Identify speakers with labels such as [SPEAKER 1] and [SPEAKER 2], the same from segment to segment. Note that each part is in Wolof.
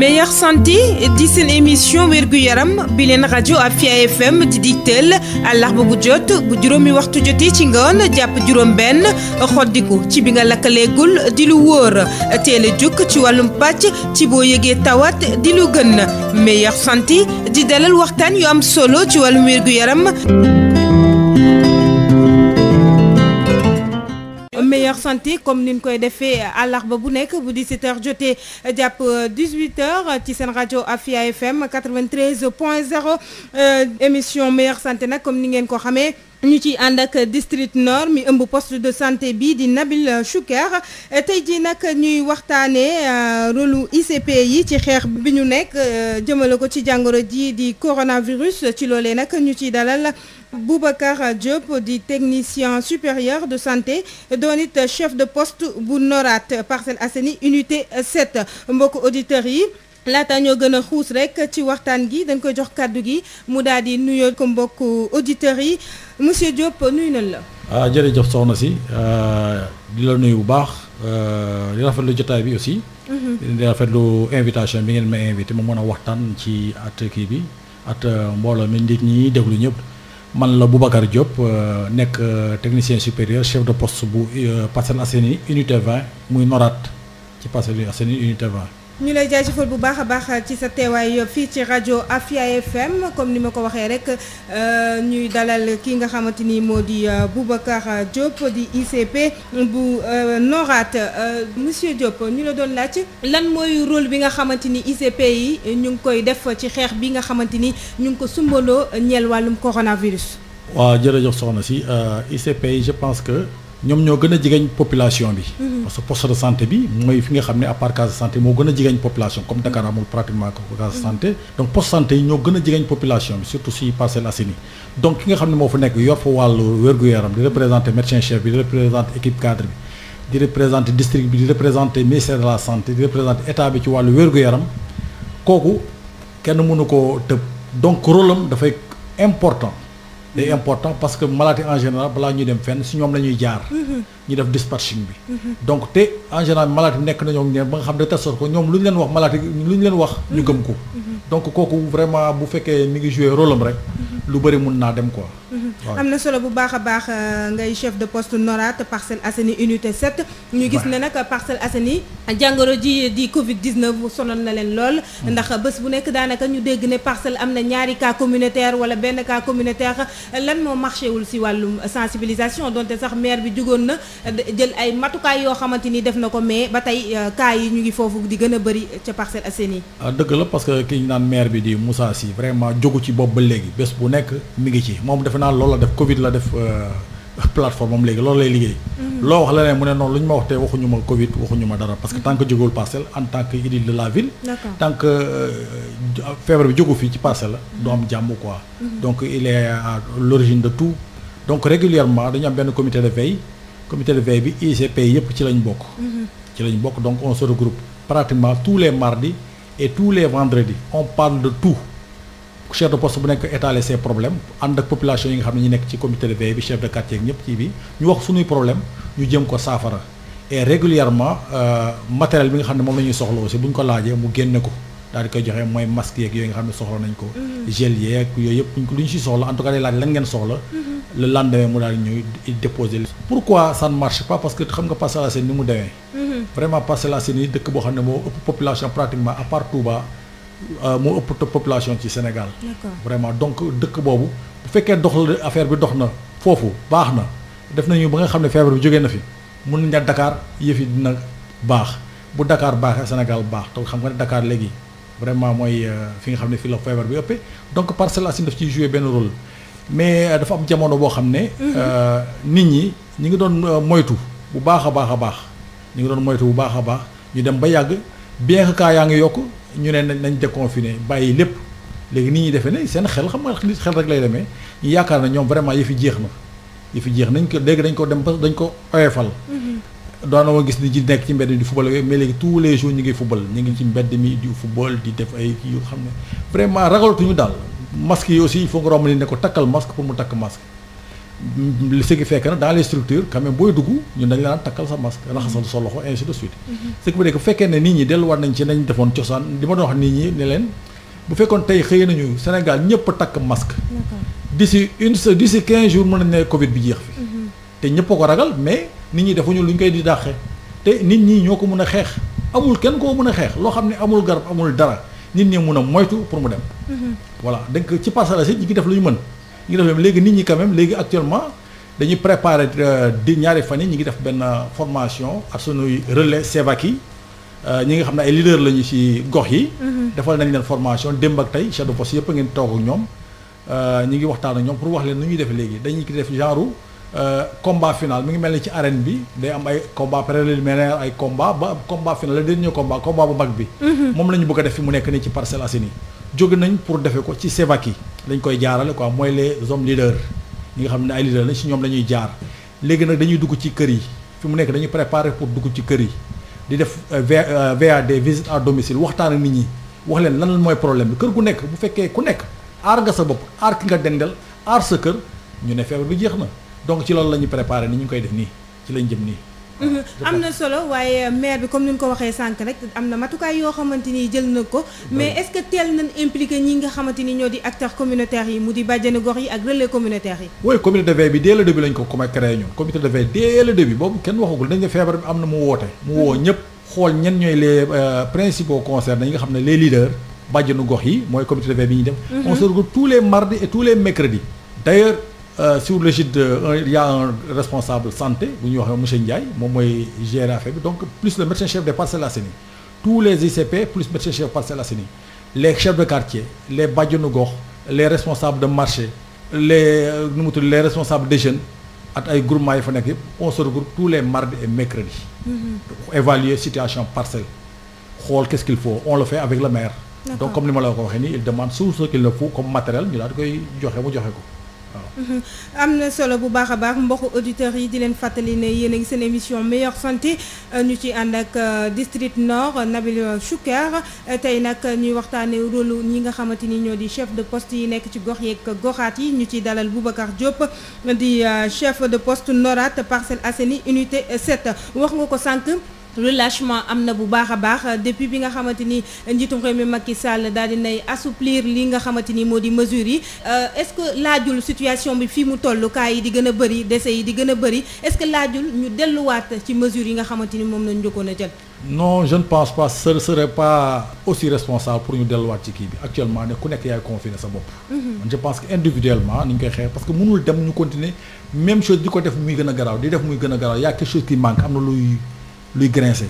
[SPEAKER 1] meilleure santi di seen émission wérgu yaram bi leen rajo Afia FM di digteel àllarba bu jot bu juróomi waxtu jotee ci nga ngoon jàpp juróom-benn xoddiku ci bi nga lakkaleegul di lu wóor teel a ci wàllum pàcc ci boo yëgee tawat di lu gën meilleure santé di dalal waxtaan yu am solo ci wàllum wérgu yaram. meilleure santé comme ni koy defee àllarba bu nekk bu 17 jotee jàpp 18h ci seen rajo Afia FM 93 point 0 euh, émission meilleure santé nag comme ni ngeen ko xamee. ñu ci ànd ak district nord mi ëmb poste de santé bi di Nabil Choucair tey jii nag ñuy waxtaanee euh, rôlu ICP yi ci xeex bi ñu nekk euh, jëmale ko ci jàngoro ji di coronavirus ci loolee nag ñu ciy dalal. Boubacar Diop di technicien supérieur de santé doon it chef de poste bu Norat Parcelles Assainies unité 7 mbokk auditeurs yi laata ñoo gën a xuus rek ci waxtaan gi dañ koy jox kàddu gi mu daal di nuyoo ko mbokku auditeurs yi monsieur Diop nuyu nañ la.
[SPEAKER 2] ah jërëjëf soxna si ah, di la nuyu bu baax ah, di lu jotaay bi aussi. Mhm. di rafetlu invitation bi ngeen ma invité ma mën a waxtaan ci at kii bi at ah, mbooloo mi nit ñi déglu ñëpp. man la Boubacar Diop euh, nekk euh, technicien supérieur chef de post bu euh, Parcelles Assainies unité 20 muy noraat ci Parcelles Assainies unité 20
[SPEAKER 1] ñu lay jaajëfal bu baax a baax ci sa teewaay fii ci rajo Afia FM comme ni ma ko waxee rek euh, ñuy dalal ki nga xamante ni moo di euh, Boubacar Diop di ICP bu euh, NORAD monsieur Diop ñu la doon laaj lan mooy rôle bi nga xamante ni ICP yi ñu ngi koy def ci xeex bi nga xamante ni ñu ngi ko sumbaloo ñeel wàllum coronavirus.
[SPEAKER 2] waaw jërëjëf soxna si ICP yi je pense que. ñoom ñoo gën a jegeñ population bi. Mhm. parce que poste de santé bi mooy fi nga xam ne à part case de santé moo gën a jegeñ population comme Dakar amul pratiquement case de mhm. santé. donc poste santé yi ñoo gën a jegeñ population bi surtout si Parcelles Assainies donc ki nga xam ne moo fa nekk yor fa wàllu wér-gu-yaram di représenté médecin chef bi di représenté équipe cadre bi. di représenté district bi di représenté ministère de la santé di représenté état bi kooku kenn mënu ko tëb donc rôle am dafay important day important parce que maladie en général balaa ñuy dem fenn si ñoom la jaar. ñu def dispatching bi. donc te en général maladie nekk nañoo ñoom ñoom ba nga xam ne test ko ñoom lu ñu leen wax maladie lu ñu leen wax. ñu gëm ko. donc kooku vraiment bu fekkee mi ngi joué rôle am rek. lu bëri mun naa dem ko
[SPEAKER 3] mhm. am na
[SPEAKER 1] solo bu baax a baax euh, ngay chef de poste Norat Parcelles Assainies unité set ñu gis ne nag Parcelles Assainies jàngoro ji di Covid 19 sonal na leen lool. Mm. ndax bés bu nekk daanaka ñu dégg ne parcelle am na ñaari kaa communautaire wala benn kaa communautaire lan moo marché wul si wàllum sensibilisation donte sax maire bi jugoon na jël ay matukaay yoo xamante ni def na ko mais ba tey euh, cas yi ñu ngi foofu di gën a bëri ca Parcelles Assainies.
[SPEAKER 2] Ah, dëgg la parce que ki maire bi di Moussa Sy vraiment jógu ci bopp ba léegi bés bu nekk. nekk mi ngi ci moom defe naa loolu la def Covid la def euh, plateforme léegi loolu lay liggéey. Mm-hmm. loo wax la ne mu ne noonu lu ñu ma wax te waxuñu ma Covid waxuñu ma dara parce que tant que jógul parcelle en tant que édile de la ville. tant que euh, feebar bi jógu fii ci parcelle la. du am jàmm quoi. Mm-hmm. donc il est à l'origine de tout. donc régulièrement dañu am benn comité de veille comité de veille bi ICP yëpp ci lañ bokk. Mm-hmm. ci lañ bokk donc on se regroupe pratiquement tous les mardis et tous les vendredis on chef de poste bu nekk étaler ses problèmes ànd ak population yi nga xam ne ñu nekk ci comité de veille bi chef de quartier ak ñëpp ci bi ñu wax suñuy problème ñu jëm ko saafara et régulièrement euh, matériel bi nga xam ne moom la ñuy soxla aussi bu ñu ko laajee mu génne ko daal di koy joxe mooy masque yeeg yooyu nga xam ne soxla nañ ko mm-hmm. gel yeeg yooyu yëpp lu ñu si soxla en tout laaj lan ngeen soxla mm-hmm. le lendemain mu daal ñuy déposer mm-hmm. boo xam ne moo ëpp population pratiquement Euh, moo ëpp population ci Sénégal. vraiment donc dëkk boobu bu fekkee dox la affaire bi dox na foofu baax na def nañu ba nga xam ne feebar bi jógee na fi mun nañu ne Dakar yëf yi dina baax bu dakaar baaxee Sénégal baax te xam nga ne dakaar léegi vraiment mooy euh, fi nga xam ne fii la feebar bi ëppee donc par cela daf ciy jouer benn rôle mais euh, dafa am jamono boo xam ne. Mhm. nit ñi ñu ngi doon moytu bu baax a baax a baax ñu ngi doon moytu bu baax a baax ñu dem ba yàgg bien yaa ngi yokk. ñu ne nañ déconfiné bàyyi lépp léegi nit ñi defee ne seen xel xam nga nit xel rek lay demee ñu yaakaar na ñoom vraiment yëfi jeex na yëfi jeex nañ ko léegi dañ ko dem ba dañ ko oyofal.
[SPEAKER 3] Mm-hmm.
[SPEAKER 2] daanaka gis ni ci nekk ci mbedd mi di football mais léegi tous les jours ñu ngi football ñu ngi ci mbedd mi di football di def ay kii yoo xam ne vraiment ragalatuñu daal masque yi aussi il faut romb ni ne ko takkal masque pour mu takk masque. ce qui fait que dans les structures booy dugg ñun dañ laa naan takkal sa masque raxasal sa loxo ainsi de suite mhm. ce qui veut dire que bu fekkee ne nit ñi delluwaat nañ ci nañ defoon cosaan li ma doon wax nit ñi ne leen bu fekkoon tey xëy nañu Sénégal ñëpp takk mask di d'ici une se d'ici quinze jours mën nañ ne Covid bi jeex fi mhm. te ñëpp a ko ragal mais nit ñi defuñu lu ñu koy di dàqee te nit ñi ñoo ko mën a xeex amul kenn koo mën a xeex loo xam ne amul garab amul dara nit ñi mun a moytu pour mu dem mhm. voilà donc ci parcelle si ñi ngi def lu ñu mën ñu ngi léegi nit ñi quand léegi actuellement dañuy préparer euh, di ñaari fan yi ñu ngi def benn formation ak sunuy relais Sevaki euh, ñi nga xam ne ay leader lañu ci gox yi. Mhm. defal nañ leen formation démb ak tey chef de poste yëpp ngeen toog ak ñoom euh, ñu ngi waxtaan ak ñoom pour wax leen nu ñuy def léegi dañu dañuy def genre combat final mi ngi mel ni ci arène bi day am ay combat préliminaire ay combat ba combat final la dernier combat combat bu mag bi. Mhm. moom lañu ñu bëgg a def fi mu nekk nii ci Parcelles Assainies jóg nañ pour defe ko ci CEVAC yi lañ koy jaarale quoi mooy les hommes leaders ñi nga xam ne ay leaders lañ si ñoom la jaar léegi nag dañuy dugg ci kër yi fi mu nekk dañuy préparer pour dugg ci kër yi di def euh, VAD euh, visite à domicile waxtaan ak nit ñi wax leen lan mooy problème bi kër gu nekk bu fekkee ku nekk aar nga sa bopp aar ki nga dendal aar sa kër ñu ne feebar bi jeex na donc ci loolu la ñuy préparer ni ñu koy def nii ci lañ jëm nii
[SPEAKER 1] Mhm. am na solo waaye euh, maire bi comme ni ñu ko waxee sànq rek am na matukaay yoo xamante ni jël na ko mais est-ce nañ impliqué ñi nga xamante ni ñoo di acteurs communautaires yi mu di bàjjenu gox yi ak relais communautaires yi
[SPEAKER 2] oui communauté de veille bi dès le de veille boobu kenn waxagul dañ ne feebar bi am na mu woote mu woo ñëpp xool ñen ñooy les euh, principaux concernés yi nga xam ne les leaders bàjjenu gox yi mooy comité de veille bi ñuy def mhm. on se tous les mardis sur le site il y a un responsable santé bu ñuy wax monsieur Ndiaye moom mooy gérer affaire bi donc plus le médecin chef des Parcelles Assainies tous les ICP plus médecin chef Parcelles Assainies les chefs de quartier les bajenu gox les responsables de marché les euh, nu les responsables des jeunes ak ay groupements yi fa nekk yëpp on se regroupe tous les mardis et mercredis. Mm-hmm. pour évaluer situation parcelle. xool qu'est-ce qu'il faut on le fait avec le maire. donc comme il demande tout ce qu'il le koy joxe joxe ko.
[SPEAKER 1] am na solo bu baax a baax mbokk auditeurs yi di leen fàttali ne yéen a ngi seen émission meilleure santé ñu ci ànd ak euh, district nord Nabil Choucair tey nag ñuy waxtaanee rôle ñi nga xamante ni ñoo di chef de poste yi nekk ci gox yeeg goxaat yi ñu ciy dalal Boubacar Diop di euh, chef de poste norate parcelle Assainies unité 7 wax nga ko sànq. relâchement am na bu baax a baax depuis bi nga xamante ni njiitum réew mi Macky Sall daal di nay assouplir li nga xamante ni moo di mesures yi euh, est-ce que laajul situation bi fii mu toll cas yi di gën a bëri décès yi di gën a bëri est-ce que laajul ñu delluwaat ci mesures yi nga xamante ni moom lañ njëkkoon a jël.
[SPEAKER 2] no je ne pense pas ce serait pas aussi responsable pour ñu delluwaat ci kii bi actuellement ne ku nekk yaay confiné sa bopp. man mhm. je pense que individuellement ni ñu dem ñu continuer même chose ko def muy gën a garaaw di def muy gën a garaaw a quelque chose qui manque am na luy. luy grincer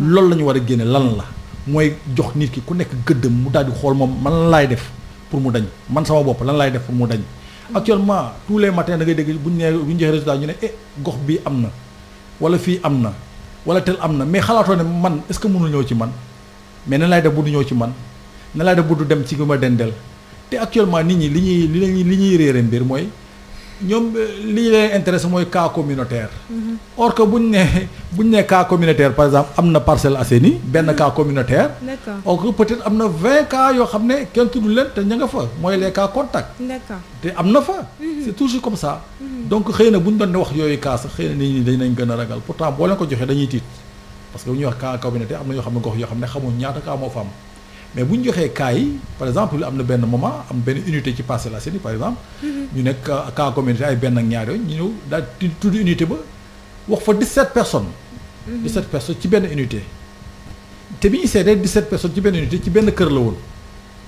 [SPEAKER 2] loolu la ñu war a génne lan la mooy jox nit ki ku nekk gëddam mu daal di xool moom man lay def pour mu dañ man sama bopp lan laay def pour mu dañ actuellement tous les matins da ngay dégg bu ñu nee bu ñu joxee résultat ñu ne eh gox bii am na wala fii am na wala tel am na mais xalaatoo ne man est-ce que mënul ñëw ci man mais na laay def bu du ñëw ci man na laay def bu du dem ci bi ma dendeel te actuellement nit ñi li ñuy li ñuy li ñuy réere mbir mooy ñoom eh, li leen intéressé mooy cas communautaire. Mm-hmm. or que bu ñu nee bu ñu nee cas par exemple am na Parcelles Assainies benn mm-hmm. cas communautaire. d'accord or que am na vingt cas yoo xam ne kenn tudd leen te ña nga fa mooy les cas contacts. te am na fa. Mm-hmm. c'est toujours comme ça. donc xëy na bu ñu doon wax yooyu cas sax xëy na nit ñi dinañ gën a ragal pourtant boo leen ko joxee dañuy tiit parce que bu ñuy wax cas communautaire am na yoo xam ne gox yoo xam ne xamuñ ñaata cas moo mais bu ñu joxee cas yi par exemple am na benn moment am benn unité ci Parcelles Assainies par exemple. Mhm. ñu nekk cas communauté ay benn ak ñaar yooyu ñu ñëw daal di tudd unité ba wax fa 17 personnes. 17 mhm. ci benn unité. te bi ñu ci benn unité ci la woon.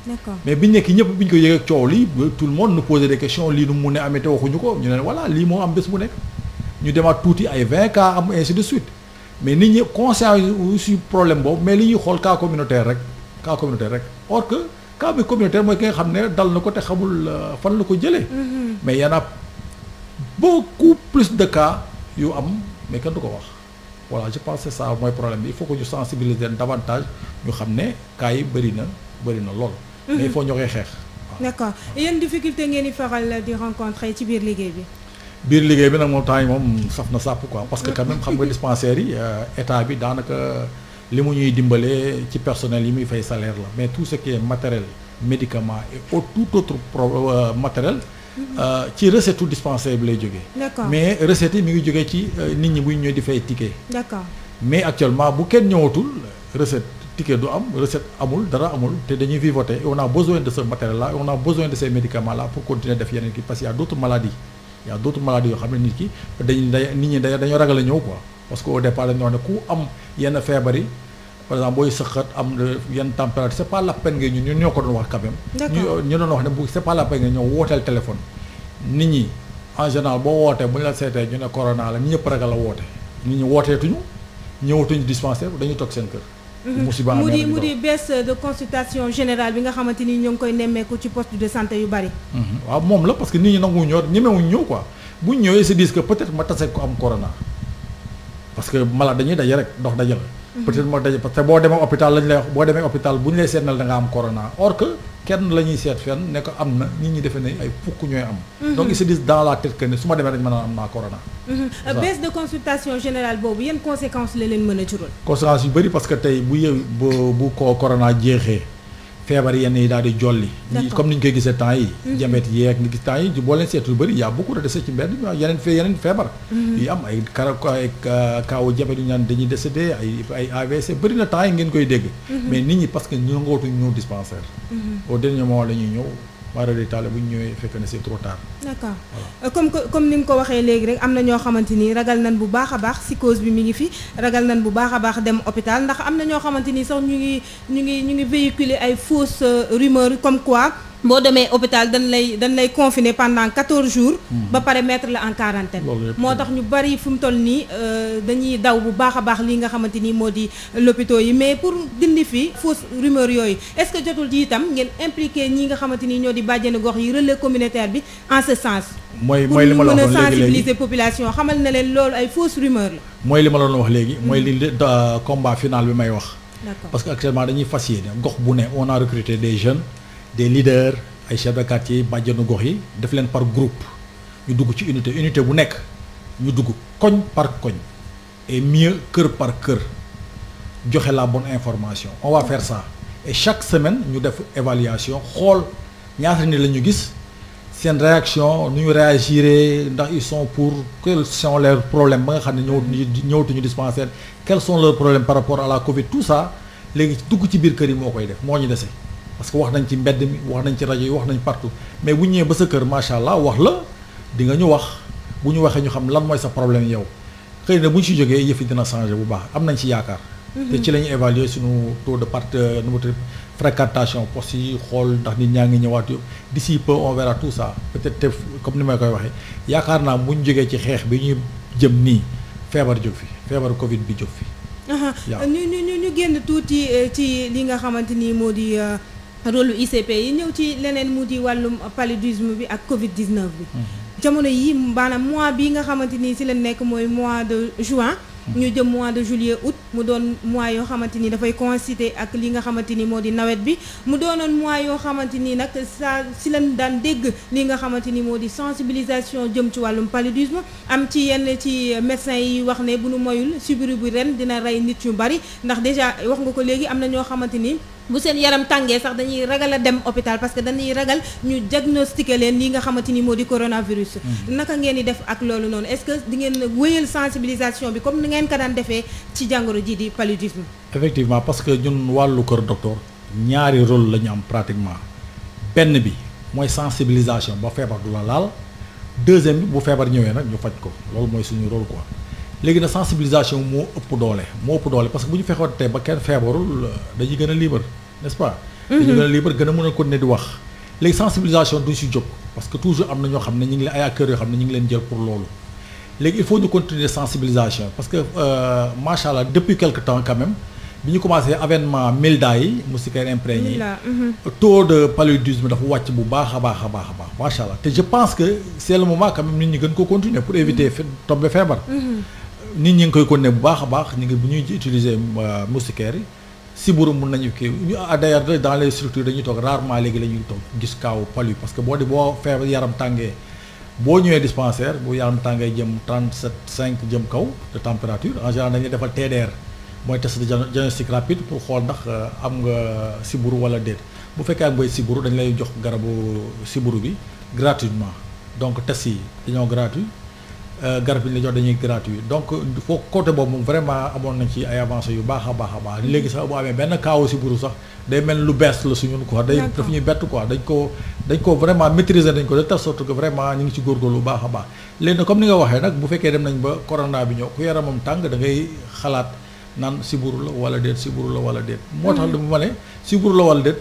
[SPEAKER 2] d'accord mais ko yëgee coow lii tout le monde nous lii nu mu mun a amee te waxuñu ne voilà tuuti ay 20 cas am ainsi de suite mais nit ñi conscient yu si problème boobu mais li ñuy xool cas communautaire rek. cas communautaire rek or que cas bi communautaire mooy ki xam ne dal na ko te xamul euh, fan la ko jëlee. Mm-hmm. mais y en a plus de cas yu am mais kenn du ko wax. voilà je pense que ça mooy problème bi il faut que ñu sensibiliser davantage ñu xam ne cas yi bëri na bëri na lool. Mm-hmm. mais il faut xeex.
[SPEAKER 1] d' accord yan difficulté ngeen di faral di rencontrer ci biir liggéey bi.
[SPEAKER 2] biir liggéey bi nag moom temps yi moom saf na sàpp quoi parce que quand xam nga dispensaires yi euh, état bi daanaka. li mu ñuy dimbale ci personnel yi muy fay salaire la mais tout ce qui est matériel médicament et au tout autre pro euh, matériel mm-hmm. euh, ci recette u dispensaire bi lay jógee mais recette yi mi ngi jógee ci euh, nit ñi bu ñu ñëw di fay ticket d'accord mais actuellement bu kenn ñëwatul recette ticket du am recette amul dara amul te dañuy vivoter on a besoin de ce matériel là on a besoin de ces médicaments là pour continuer def yeneen ki parce que y a d'autres y yoo xam ne ki dañ day nit ñi dañoo ragal a ñëw quoi parce que au départ dañu wax ne ku am yenn feebar yi par exemple booy sëqat am yenn température c' est pas la peine nga ñun ñoo ko doon wax quand même. ñu ñu doon wax ne bu c' est nga ñëw wooteel téléphone. nit ñi en général boo wootee bu ñu la corona la ñëpp ragal la woote nit ñi wooteetuñu ñëwatuñu dispensaire dañuy toog seen kër. Mhm. musiba mu di mu di
[SPEAKER 1] baisse xamante ni ñoo ngi koy nemmeeku ci poste de santé yu bari.
[SPEAKER 2] Mhm. waaw moom la parce que nit ñi nangu ñor ñëw quoi bu ñu ñëwee se disent que peut-être ma tase ko am corona. parce que malade dañuy daje rek ndox daje la. Mhm. peut-être moo daje parce que boo demee hôpital lañ lay wax boo demee hôpital bu ñu lay seetal da nga am corona or que kenn la ñuy seet fenn ne ko am na nit ñi defee ne ay fukk ñooy am. Mhm. donc ils se disent dans la tête su ma demee rek mën a am naa corona.
[SPEAKER 1] Mhm. baisse de consultation générale boobu yan conséquences la leen mën a jural.
[SPEAKER 2] conséquences yu bëri parce que tey bu yë bu bu ko korona jeexee. feebar yenn yi daal di jolli. comme ni ñu koy gisee temps yi. jabet mhm. yeeg ni gis temps yi boo leen seetlu bëri y' a beaucoup de décès ci mbedd yeneen fee yeneen feebar. Mhm. yu am ay kara kaaw kaawu jabet yu ñu naan dañuy décédé ay ay AVC bëri na temps yi ngeen koy dégg. Mhm. mais nit ñi parce que ñu ngootuñ ñëw dispensaire. au dernier moment la ñuy ñëw. mara day taale bu ñu ñëwee fekk na c'est trop tard.
[SPEAKER 1] Euh, comme ni nga ko waxee léegi rek am na ñoo xamante ni ragal nan bu baax a baax psychose bi mi ngi fi ragal nan bu baax a baax dem hôpital ndax am na ñoo xamante ni sax ñu ngi ñu ngi ñu ngi véhiculer ay fausses euh, rumeurs comme quoi. boo demee hôpital dañ lay dañ lay confiner pendant 14 jours. Hmm. ba pare mettre la en quarantaine moo tax ñu bari fu mu toll nii euh, dañuy daw bu baax a baax lii nga xamante ni moo di l'hôpital yi mais pour dindi fi fausse rumeur yooyu est-ce que jotul ci itam ngeen impliqué ñi nga xamante ni ñoo di bàjjenu gox yi relais communautaire bi en ce sens.
[SPEAKER 2] mooy mooy li ma la wax
[SPEAKER 1] population xamal na leen loolu ay fausse rumeur la.
[SPEAKER 2] mooy li ma la wax léegi. mooy hmm. li euh, combat final bi may wax. parce que actuellement dañuy fas yéene bu ne on a recruté des jeunes. des leaders ay chefs de quartier bàjjenu gox yi def leen par groupe ñu dugg ci unité unité bu nekk ñu dugg koñ par koñ et mieux kër par kër joxe la bon information on va faire ça et chaque semaine ñu def évaluation xool ñaata nit la ñu gis seen réaction nu ñu réagiré ndax ils sont pour quels sont leurs problèmes ba nga xam ne ñëwatuñu ñëwatuñu dispensaire quels sont leurs problèmes par rapport à la Covid tout ça léegi dugg ci biir kër yi moo koy def moo ñu dese. parce que wax nañ ci mbedd mi wax nañ ci rajo wax nañ partout mais bu ñëwee ba sa kër macha allah wax la di nga ñu wax bu ñu waxee ñu xam lan mooy sa problème yow xëy na bu ñu si jógee yëf yi dina changé bu baax am nañ ci yaakaar. Mhm. te ci la ñuy évaluer suñu tour de part euh, nu fréquentation poste yi xool ndax nit ñaa ngi ñëwaat yëpp d'ici peu on verra tout ça peut-être te comme ni ma koy waxee yaakaar naa bu ñu jógee ci xeex bi ñuy jëm nii feebar jóg fi feebar Covid bi jóg fi.
[SPEAKER 1] ñu euh, nga xamante ni moo di. Euh, rôle ICP yi ñëw ci leneen mu di wàllum paludisme bi ak Covid 19 bi. Mhm. jamono yi maanaam mois bi nga xamante ni si leen nekk mooy mois de juin. Mhm. ñu jëm mois de juillet août mu doon mois yoo xamante ni dafay coïncider ak li nga xamante ni moo di nawet bi mu doonoon mois yoo xamante ni nag saa si lañ daan dégg li nga xamante ni moo di sensibilisation jëm ci wàllum paludisme am ci yenn ci médecins yi wax ne bu nu moyul sibiru bi ren dina rey nit yu bari ndax déjà wax nga ko léegi am na ñoo xamante ni. bu seen yaram tàngee sax dañuy ragal a dem hôpital parce que dañuy ragal ñu diagnostiqué leen li nga xamante ni moo di coronavirus. Mhm. naka ngeen di def ak loolu noonu est-ce que di ngeen wéyal sensibilisation bi comme ni ngeen ko daan defee ci jàngoro ji di paludisme.
[SPEAKER 2] effectivement parce que ñun wàllu kër docteur ñaari rôle la ñu am pratiquement benn bi mooy sensibilisation ba feebar du la laal deuxième bi bu feebar ñëwee nag ñu faj ko loolu mooy suñu rôle quoi. léegi nag sensibilisation moo ëpp doole moo ëpp doole parce que bu ñu fexoon ba kenn feebarul dañuy gën a libre n'est-ce pas. Mhm. dañuy gën a libre gën a mën a continuer di wax. léegi sensibilisation du si jóg parce que toujours am na ñoo xam ne ñu ngi ay acteurs yoo xam ne ñu ngi leen jël pour loolu. léegi il faut ñu continuer sensibilisation parce que euh, macha allah depuis quelque temps quand même bi ñu commencé avènement milda yi moustiquaire imprégné yi mhm. taux de paludisme dafa wàcc bu baax a baax a baax a baax macha allah te je pense que c'est le moment quand même nit ñi gën ko continuer pour mhm. feebar. nit ñi ngi koy continuer bu baax a baax ñu ngi bu ñuy utiliser euh, moustiquaire yi si mun nañu kii ñu ah, d'ailleurs dans les structures dañuy toog rarement léegi la ñuy toog gis kaaw palu parce que boo di boo feebar yaram tàngee boo ñëwee dispensaire bu yaram tàngee jëm 37 cinq jëm kaw de température en général dañuy defal TDR mooy test de diagnostic rapide pour xool ndax euh, am nga siburu wala déet bu fekkee ak ngay siburu dañu lay jox garabu siburu bi gratuitement donc test yi dañoo gratuit Euh, garab yi ñu la jox dañuy gratuit donc foo côté boobu moom vraiment amoon nañ ci ay avancées yu baax a baax a baax léegi sax bu amee benn kaaw si buru sax day mel lu bees la suñu quoi day daf ñuy bett quoi dañ ko dañ ko vraiment maîtriser dañ ko de telle sorte que vraiment ñu ngi ci góorgóorlu bu baax a baax léegi nag comme ni nga waxee nag bu fekkee dem nañ ba corona bi ñëw ku yaramam tàng da ngay xalaat naan siburu la wala déet siburu la wala déet moo tax lu mm-hmm. ma ne siburu la wala déet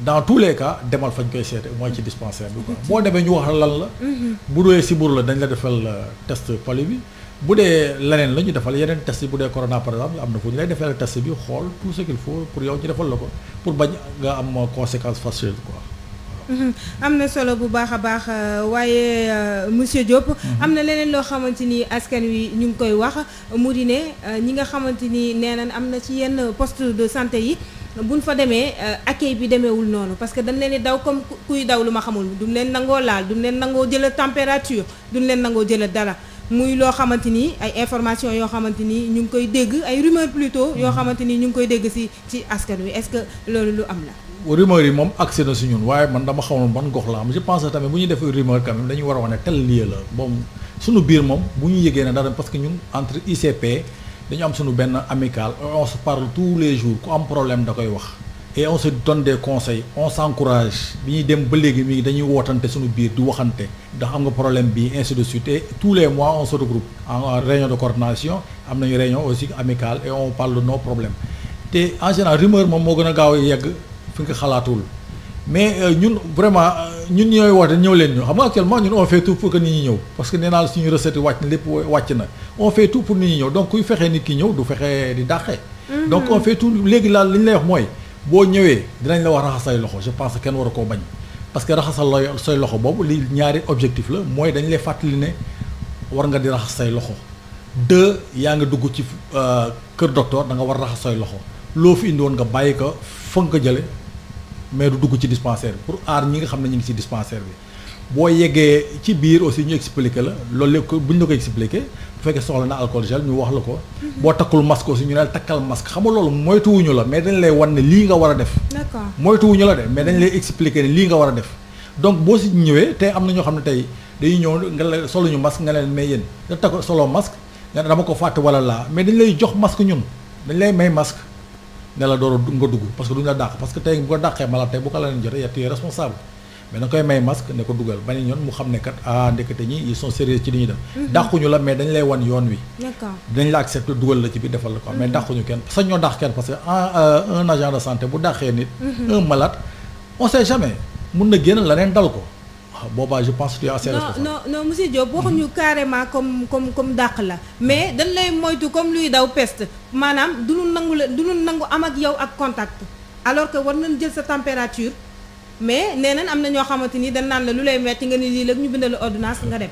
[SPEAKER 2] dans tous les cas demal fañ koy seete mooy ci dispensaire bi quoi boo demee ñu wax la lan la. Mhm. bu si sibbiru la dañ la defal euh, test palu bi. bu dee leneen la ñu defal yeneen test yi bu dee corona par exemple am na fu ñu lay defee test bi xool tout ce qu'il pour yow ñu defal la ko pour bañ nga am euh, conséquence fâcheuse quoi.
[SPEAKER 1] Mhm. am na solo bu baax a baax euh, waaye monsieur Diop. Mhm. am na leneen loo xamante ni askan wi ñu ngi koy wax mu di ne ñi nga xamante ni nee nañ am na ci yenn poste de santé yi. buñ fa demee euh, accueil bi demeewul noonu parce que dañ leen di daw comme kuy daw lu ma xamul duñ leen nangoo laal duñ leen nangoo jël température duñ leen nangoo jël dara muy loo xamante ni ay information yoo xamante ni ñu ngi koy dégg ay rumeur plutôt yoo hmm. xamante ni ñu ngi koy dégg ci ci askan wi est-ce que loolu lu am
[SPEAKER 2] la. rumeur yi moom accès na si ñun waaye man dama xamoon ban gox la am je pense tamit bu ñu def rumeur quand même dañu war a wane tel lieu la moom suñu biir moom bu ñu yëgee ne dara parce que ñun entre ICP. dañu am suñu benn amical on se parle tous les jours ku am problème da koy wax et on se donne des conseils on s'encourage bi ñuy dem ba léegi mi dañuy wootante suñu biir du waxante ndax am nga problème bi ainsi de suite et tous les mois on se regroupe en réunion de coordination am nañu réunion aussi amical et on parle de nos te en général rumeur moom moo gën a gaaw yegg fi nga xalaatul mais euh, ñun vraiment euh, ñun ñooy woote ñëw leen ñu xam que nit ñi ñëw parce que nee wàcc na on fait tout pour nit ñi ñëw donc kuy fexee nit ki ñëw du fexee di dàqee.
[SPEAKER 3] Mhm. donc on fait
[SPEAKER 2] tout léegi laal li ñu lay wax mooy boo ñëwee dinañ la wax say loxo je pense kenn war a koo bañ parce que raxasal looy say loxo boobu li ñaari objectif la mooy dañ lay fàttali ne war nga di raxas say loxo deux yaa ngi dugg ci euh, kër docteur da nga war raxas say loxo loo fi indi woon nga bàyyi ko fa nga ko jële mais du dugg ci dispensaire bi pour aar ñi nga xam ne ñu ngi si dispensaire bi boo yeggee ci biir aussi ñu expliqué la loolu lépp buñ la ko expliqué bu fekkee soxla na alcool gel ñu wax la ko. boo takkul masque aussi ñu ne takkal masque xam nga loolu moytuwuñu la mais dañ lay wan ne lii nga war a def.
[SPEAKER 3] d'accord moytuwuñu la de mais dañ lay
[SPEAKER 2] expliquer ne lii nga war a def. donc boo si ñëwee te am na ñoo xam ne tey dañuy ñëw nga la soluñu masque nga leen may yéen da takk solo masque nga dama ko fàtte wala laa mais dañ lay jox masque ñun dañ lay may masque ne la door nga dugg parce que duñ la dàq parce que tey bu dàqee mala tey bu la leen jotee yaa responsable. mais da koy may masque ne ko dugal beneen yoon mu xam ne kat ah ndekete ñi ils sont sérieux ci li ñuy def. Mhm. dàquñu la mais dañ lay wan yoon wi. d'accord dañ la accepté dugal la ci biir defal la ko mais mhm. dàquñu kenn sax ñoo dàq kenn parce que ah, euh, bu dàqee nit. Mhm. un malade on sait jamais mun na génn leneen dal ko. Ah, boobaa je pense que assez responsable
[SPEAKER 1] non non monsieur comme comme comme dàq mais dañ lay moytu comme luy daw peste maanaam du ñu nangu la du ñu nangu am yow ak contact alors que war nañ jël sa température. mais nee nañ am na ñoo xamante ni dañ naan la lu lay metti nga ni lii léegi ñu bindal ordonnance nga dem.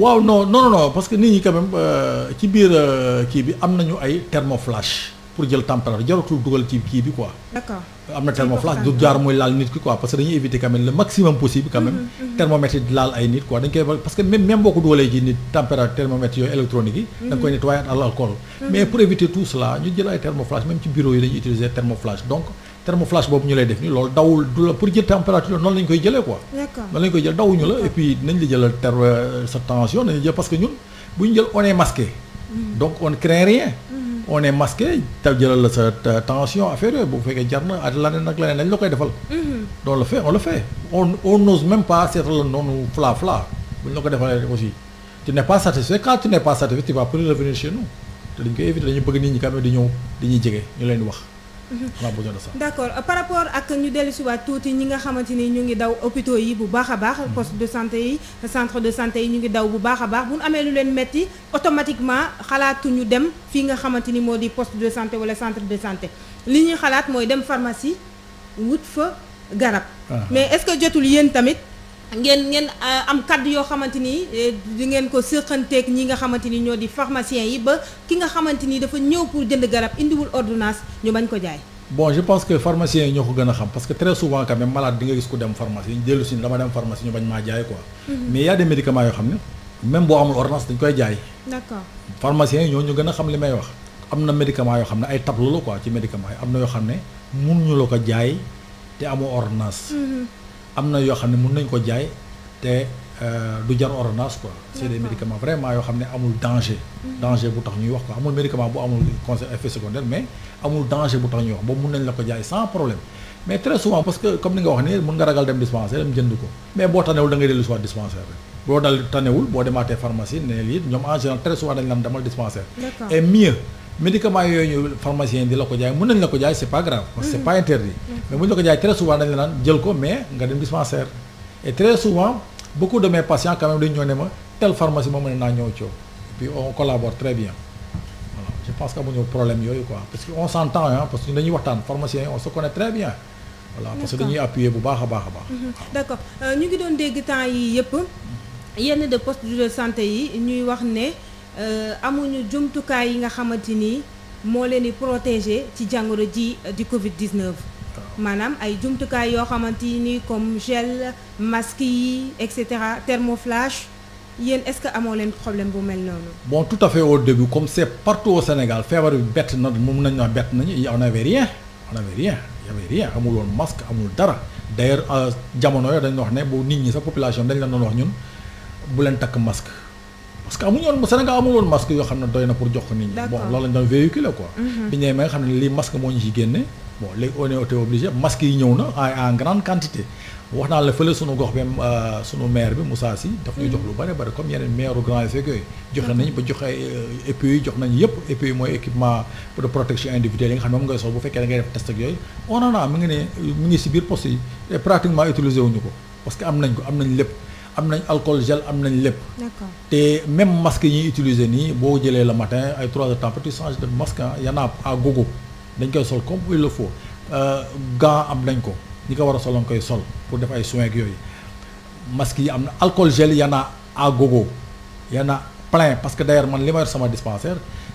[SPEAKER 2] waaw non non non parce que nit ñi quand même euh, ci biir euh, kii bi am nañu ay thermoflash pour jël température jaratul dugal ci kii bi quoi. d'accord am na thermoflash du jaar mooy laal nit ki quoi parce que dañuy éviter quand même maximum possible quand même. yi mm-hmm, mm-hmm. laal ay nit quoi dañ koy parce que même même boo ko dugalee ci nit température thermomètre yooyu électronique thermoflash boobu ñu lay def nii loolu dawul du la pour jël température noonu la ñu koy jëlee quoi. noonu la ñu koy jël dawuñu la et puis nañ la jëlal ter euh, sa tension nañu jël que ñun bu ñu jël on est masqué. Mm-hmm. donc on craint rien.
[SPEAKER 3] Mm-hmm.
[SPEAKER 2] on est masqué taw jëlal la sa tension affaire yooyu bu fekkee jar na ak leneen ak leneen dañ la koy defal.
[SPEAKER 3] donc mm-hmm.
[SPEAKER 2] on le fait on le fait on on n'ose même pas seetal noonu fla fla bu ñu la ko defalee aussi tu n'es satisfait quand tu n'es satisfait tu vas plus revenir te dañ koy éviter dañu di ñëw dañuy jege ñu leen di wax. on a besoin de
[SPEAKER 1] ça. par rapport ak ñu dellu si waat tuuti ñi nga xamante ni ñu ngi daw hôpitaux yi bu baax a baax. Mm-hmm. poste de santé yi centre de santé yi ñu ngi daw bu baax a baax bu amee lu leen metti automatiquement xalaatuñu dem fii nga xamante ni moo di poste de santé wala centre de santé li ñuy xalaat mooy dem pharmacie wut fa garab. Ah, ah. mais est jotul yéen tamit. ngeen ngeen euh, am kaddu yoo xamante ni euh, di ngeen ko séqanteeg ñi nga xamante ni ñoo di pharmacien yi ba ki nga xamante ni dafa ñëw pour jënd garab indiwul ordonnance ñu bañ ko jaay.
[SPEAKER 2] bon je pense que pharmaciens yi ñoo ko gën a xam parce que très souvent quand même malade di nga gis ku dem pharmacie ñu dellu si mhm. y a des médicaments ñu gën a xam li may wax. am na médicaments yoo xam ne ay tableau la quoi ci médicaments yi am na yoo xam ne mënuñu la ko jaay te amoo ordonnance. Mhm. am na yoo xam ne mën nañ ko jaay te euh, du jar ordonnance quoi c'est des médicaments vraiment yoo xam ne amul danger mm-hmm. danger bu tax ñuy wax quoi amul médicament bu amul conseil effet secondaire mais amul danger bu tax ñuy wax boobu mën nañ la ko jaay sans problème mais très souvent parce que comme ni nga wax ni mën nga ragal dem dispensaire dem jënd ko mais boo tanewul da dellu si waat dispensaire boo dal tanewul boo demaatee pharmacie ne ñoom en médicament yooyu ñu pharmacien di la ko jaay mën nañ la ko jaay c'est pas grave parce c'est pas interdit mais bu ñu ko jaay très souvent la naan jël ko mais nga dem dispensaire et très souvent beaucoup de mes dañu ñëw ne ma telle pharmacie moom mën naa ñëw coow puis on collabore très bien voilà pense que amuñu problème yooyu quoi parce que on s'entend parce que dañuy waxtaan pharmacien yi on se connaît très parce que dañuy appuyer bu baax a baax
[SPEAKER 1] a baax mhm. Euh, amuñu jumtukaay yi nga xamante ni moo leen di protéger ci jàngoro ji di Covid 19. maanaam ay jumtukaay yoo xamante nii comme gel masque yi et cetera thermoflash yéen est-ce que amoo leen problème bu mel noonu.
[SPEAKER 2] bon tout à fait au début comme c'est partout au Sénégal feebar bi bett na moom nañ wax bett nañu on avait rien on avait rien y i rien amul woon masque amul dara d'ailleurs jamono yooyu dañu wax ne bu nit ñi sa population dañ la doon wax ñun bu leen takk masque. parce que amuñu woon Sénégal amul woon masque yoo xam ne doy na pour jox ko nit ñi. bon loolu lañ doon véhiculer quoi. Mhm. bi ñu ma nga xam ne lii masque moo ñu ci génne. bon léegi on est obligé masque yi ñëw na en en grande quantité wax naa la fële sunu gox bi euh, sunu maire bi Moussa Sy daf ñuy jox lu bari bari comme yeneen maire grand yeeg yooyu. joxe nañ ba joxe EPI euh, jox nañ yëpp EPI mooy équipement de protection individuelle yi nga xam ne moom ngay soxla bu en oh a mi ngi ne mi ngi si biir poste wuñu ko parce que am nañ ko am lépp. am nañ alcool gel am nañ lépp. te même masque yi ñuy utiliser nii boo jëlee le matin ay 3 heures temps petit change de masque ah y'en a à gogo dañ koy sol comme il le faut euh, gan am nañ ko ñi ko war a soloon koy sol pour def ay soins ak yooyu masque yi am na alcool gel y'en a à gogo y'en a plein que d'ailleurs man li ma yor sama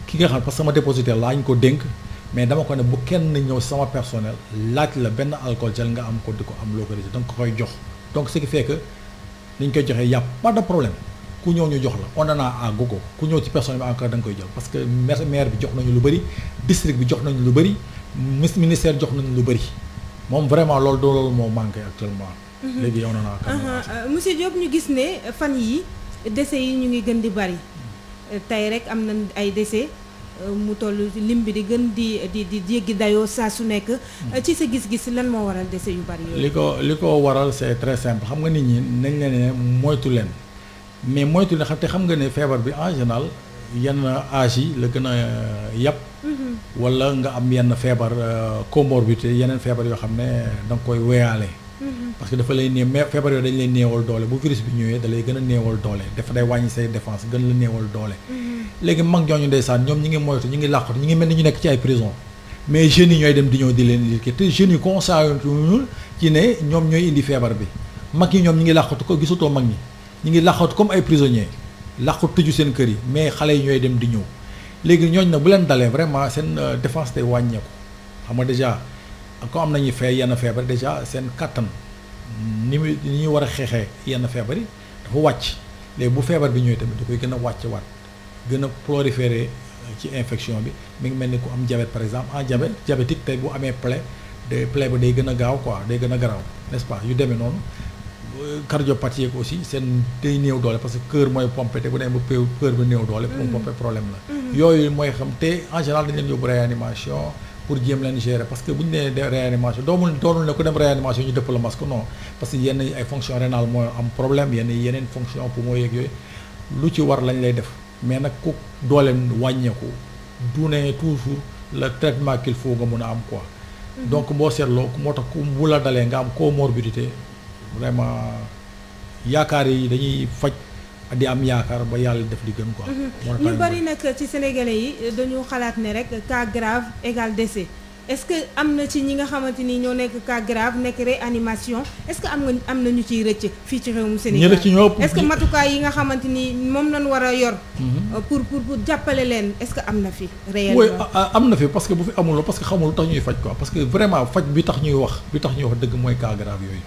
[SPEAKER 2] ki nga xam parce que sama dépositaire laa ko dénk. mais dama ko ne bu kenn ñëw sama personnel laaj la benn alcool gel nga am ko di ko am loo ko donc koy jox donc ce qui fait dañ koy joxe yàpp pas de problème ku ñëw ñu jox la on en a à gogo ku ñëw ci personne bi encore da koy jël parce que maire maire bi jox nañu lu bëri district bi jox nañu lu bëri ministère jox nañu lu bëri moom vraiment loolu doo loolu moo manqué actuellement. Mhm. léegi on en a quand
[SPEAKER 1] euh, monsieur Diop ñu gis ne fan yi décès yi ñu ngi gën di bëri mm. tey rek am na ay décès. Euh, mu toll lim bi di gën di di di jéggi dayoo saa su nekk. Hmm. ci sa gis-gis lan moo waral dese yu bari yooyu. li ko
[SPEAKER 2] li ko waral c'est très simple xam nga nit ñi nañ la ne moytu leen mais moytu leen xam te xam nga ne feebar bi en général yenn âge la gën a euh, yàpp. Mm-hmm. wala nga am yenn feebar euh, comorbidité yeneen feebar yoo xam ne da nga koy weyaale. Mm-hmm. parce que dafa lay néew mais feebar yooyu dañ lay néewal doole bu virus bi ñëwee da lay gën a néewal doole dafa day wàññi say défense gën la néewal doole. Mm-hmm. léegi mag ñooñu ndeysaan ñoom ñi ngi moytu ñi ngi làqatu ñi ngi mel ni ñu nekk ci ay prison mais jeunes yi ñooy dem di ñëw di leen liggéey te jeunes yi conscientuñu ci ne ñoom ñooy indi feebar bi mag yi ñoom ñi ngi làqatu ko gisutoo mag ñi ñi ngi làqatu comme ay prisonniers làqatu tëju seen kër yi mais xale yi ñooy dem di ñëw léegi ñooñu nag bu leen dalee vraiment seen euh, défense day wàññeeku xam nga dèjà comme am nañu fee yenn feebar dèjà seen kattan ni muy ñuy war a xeexee yenn feebar yi dafa wàcc léegi bu feebar bi ñëwee tamit da koy gën a wàcc waat gën a proliférer ci infection bi mu ngi mel ni ku am diabète par exemple en ah, diabète diabétique tey bu amee plaie de plaie ba day gën a gaaw quoi day gën a garaaw n'est-ce pas yu demee noonu cardiopathie yeeg aussi seen day néew doole parce que cœur mooy pompé te bu demee ba cœur bi néew doole pour mm-hmm. problème la mm-hmm. yooyu mooy xam te en général dañ pour jéem leen gérer parce que bu ñu nee réanimation doomul doonul ne ku dem réanimation ñu dëpp la masque non parce que yenn ay fonction rénale mooy am problème yenn yenee fonction poumon yeeg yooyu lu ci war lañ lay def mais nag ku dooleem wàññeeku du ne toujours la traitement qu'il faut nga mun a am quoi. Mhm. donc boo seetloo moo tax ku bu la dalee nga am comorbidité vraiment yaakaar yi dañuy faj. di am yaakaar ba yàlla def
[SPEAKER 3] di gën quoi. Mhm. ñu bari
[SPEAKER 1] nag ci sénégalais yi dañu xalaat ne rek cas grave égal décès. est-ce que am na ci ñi nga xamante ni ñoo nekk cas grave nekk réanimation est-ce que am nga am na ñu ciy rëcc fii ci réewum Sénégal ñi rëcc ñoo ëpp est-ce yi nga xamante ni moom lañ a yor. Mhm. Euh, pour jàppale leen est-ce am na fi. réellement
[SPEAKER 2] oui na fi parce que bu fi amuloo parce que xamul tax ñuy faj quoi parce que vraiment faj bi tax ñuy wax bi tax ñuy wax dëgg mooy cas yooyu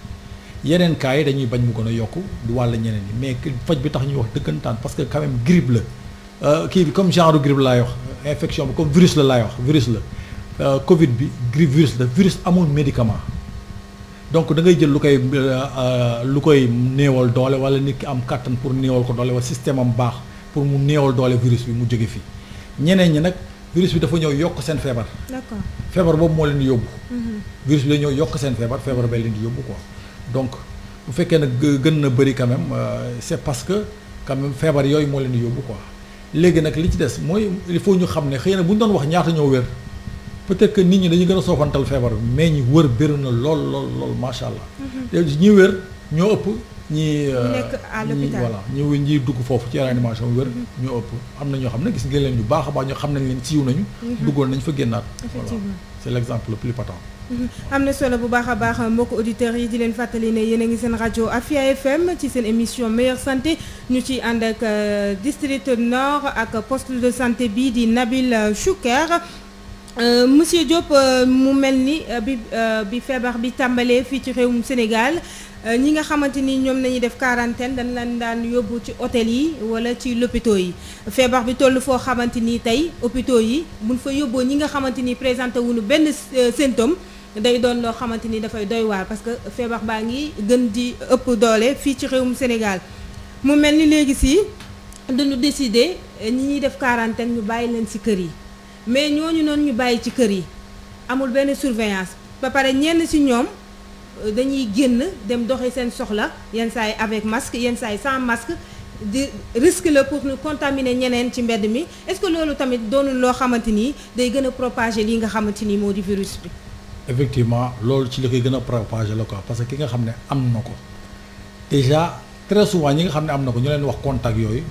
[SPEAKER 2] yeneen cas yi dañuy bañ mu gën a yokk du wàll ñeneen yi mais faj bi tax ñuy wax dëggantaan parce que quand même grippe la euh, kii comme genre grippe laay wax infection bi comme virus la laay wax la. Euh, Covid bi grippe virus la virus amul médicament donc da ngay jël lu koy euh, euh, lu koy néewal doole wala nit ki am kàttan pour néewal ko doole wala système am baax pour mu néewal doole virus bi mu jóge fi ñeneen ñi nag virus bi dafa ñëw yokk seen feebar. d'accord feebar boobu moo leen di yóbbu. Mhm. virus bi la yokk seen feebar feebar bee leen yóbbu ko donc bu fekkee nag gën na bëri quand même c'est parce que quand même feebar yooyu moo leen di yóbbu ko léegi nag li ci des mooy il faut ñu xam ne xëy na bu ñu doon wax ñaata ñoo wér. peut-être que nit ñi dañu gën a soofantal feebar bi mais ñi wër bëri na lool lool lool macha allah.
[SPEAKER 3] Mhm. te
[SPEAKER 2] ñi wër ñoo ëpp ñi. Euh, nekk à l'hôpital voilà ñi ñi dugg foofu ci réanimation wër. Mhm. ñoo ëpp am na ñoo xam ne gis nga leen bu baax a baax ñoo xam nañ leen siiw nañu. Mhm. duggoon nañ fa génnaat.
[SPEAKER 3] effectivement
[SPEAKER 1] voilà
[SPEAKER 2] c'est l'exemple le plus patent.
[SPEAKER 1] am na solo bu baax a baax mbokk auditeurs yi di leen fàttali ne yéen a ngi seen rajo Afia FM ci seen émission meilleure santé ñu ci ànd ak euh, district nord ak poste de santé bi di Nabil Chouker. Euh, monsieur Diop euh, mu mel ni euh, bi bi feebar bi tàmbalee fii ci réewum Sénégal ñi nga xamante ni ñoom nañuy def quarantaine dañ leen daan yóbbu ci hôtel yi wala ci loppito yi feebar bi toll foo xamante nii tey oppito yi buñ fa yóbboo ñi nga xamante ni présenté wuñu benn symptôme day doon loo xamante ni dafay doy waar parce que feebar baa ngi gën di ëpp doole fii ci réewum Sénégal mu mel ni léegi si dañu décider ñi ñuy def quarantaine ñu bàyyi leen si kër yi mais ñoo ñu noonu ñu bàyyi ci kër yi amul benn surveillance ba pare ñenn ci ñoom euh, dañuy génn dem doxe seen soxla yenn saa yi avec masque yenn saa yi sans masque di risque la pour ñu contaminer ñeneen ci mbedd mi est-ce que loolu tamit doonul loo xamante ni day gën a li nga xamante ni moo di virus bi.
[SPEAKER 2] effectivement loolu ci li koy gën a propager la ko parce que ki nga xam ne am na ko déjà très souvent ñi nga xam ne am na ko ñu leen wax contact yooyu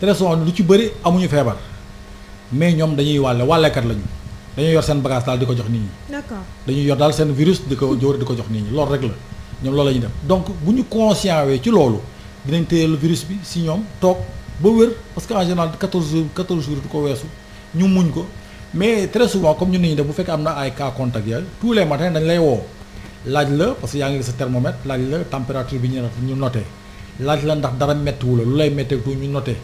[SPEAKER 2] très souvent lu ci bëri amuñu feebar. mais ñoom dañuy wàlle wàllekat lañu dañuy yor seen bagage daal di ko jox nit ñi. d'accord dañuy yor daal seen virus di ko jóor di ko jox nit ñi loolu rek la ñoom loolu la def donc bu ñu conscient wee ci loolu dinañ téyel virus bi si ñoom toog ba wér parce que en général 14 jours 14 jours du ko weesu ñu muñ ko mais très souvent comme ñun ni ñuy def bu fekkee am na ay cas contact yooyu tous les matins dañ lay woo laaj la parce que yaa ngi sa thermomètre laaj la température bi ñu ñu noté laaj la ndax dara méttiwu la lu lay métteeku ñu noté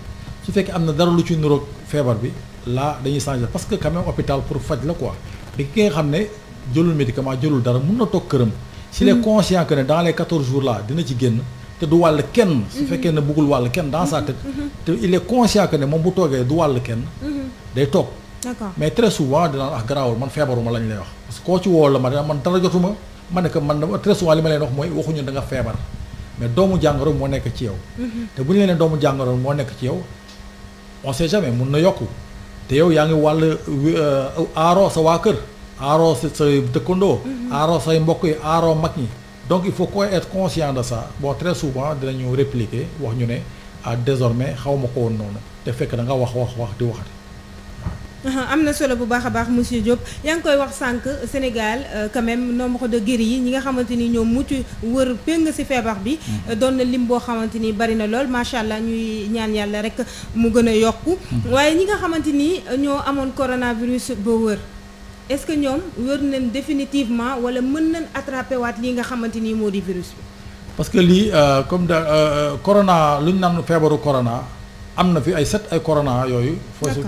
[SPEAKER 2] su fekkee am na dara lu ci niroog feebar bi laa dañuy changer parce que quand même pour faj la quoi mais ki nga xam ne jëlul médicament jëlul dara mun na toog këram. s'il est mm. conscient que ne dans les quatorze jours là dina ci génn. te du wàll kenn. su mm-hmm. fekkee ne bëggul wàll kenn dans sa mm-hmm. tête. Mm-hmm. te il est conscient ne moom bu toogee du wàll kenn. day toog. d'accord mais très souvent dinaan ah garaawul man feebaruma lañ lay wax. parce que ci woo la ma man dara jotuma ma ne que man très souvent li ma leen wax mooy waxuñu da nga feebar mais doomu jàngoro moo nekk ci yow. te bu ñu leen doomu jàngoro moo nekk ci yow. on sait jamais mun na yokk te yow yaa ngi wàll euh, aaroo sa waa kër aaroo sa dëkkandoo mhm. aaroo say mbokk yi aaro mag ñi donc il faut qu'on être conscient de ça bon très souvent dinañu répliquer wax ñu ne ah désormais xaw ma ko woon noonu te fekk da nga wax wax wax di waxati
[SPEAKER 1] Uh-huh. am na solo bu baax a baax monsieur Diop yaa ngi koy wax sànq Sénégal uh, quand même nombre de guéris yi ñi nga xamante ni ñoom mu ci wër péng si feebar bi. Mm. Uh, doon na lim boo xamante ni bari na lool macha allah ñuy ñaan yàlla rek mu gën a yokku. Mm. waaye ñi nga xamante ni ñoo amoon coronavirus ba wër. est-ce que ñoom wër nañ définitivement wala mën nañ attraper waat lii nga xamante ni moo di virus bi.
[SPEAKER 2] parce que lii euh, comme da euh, euh, corona lu ñu naan feebaru corona. am na fi ay set ay corona yooyu.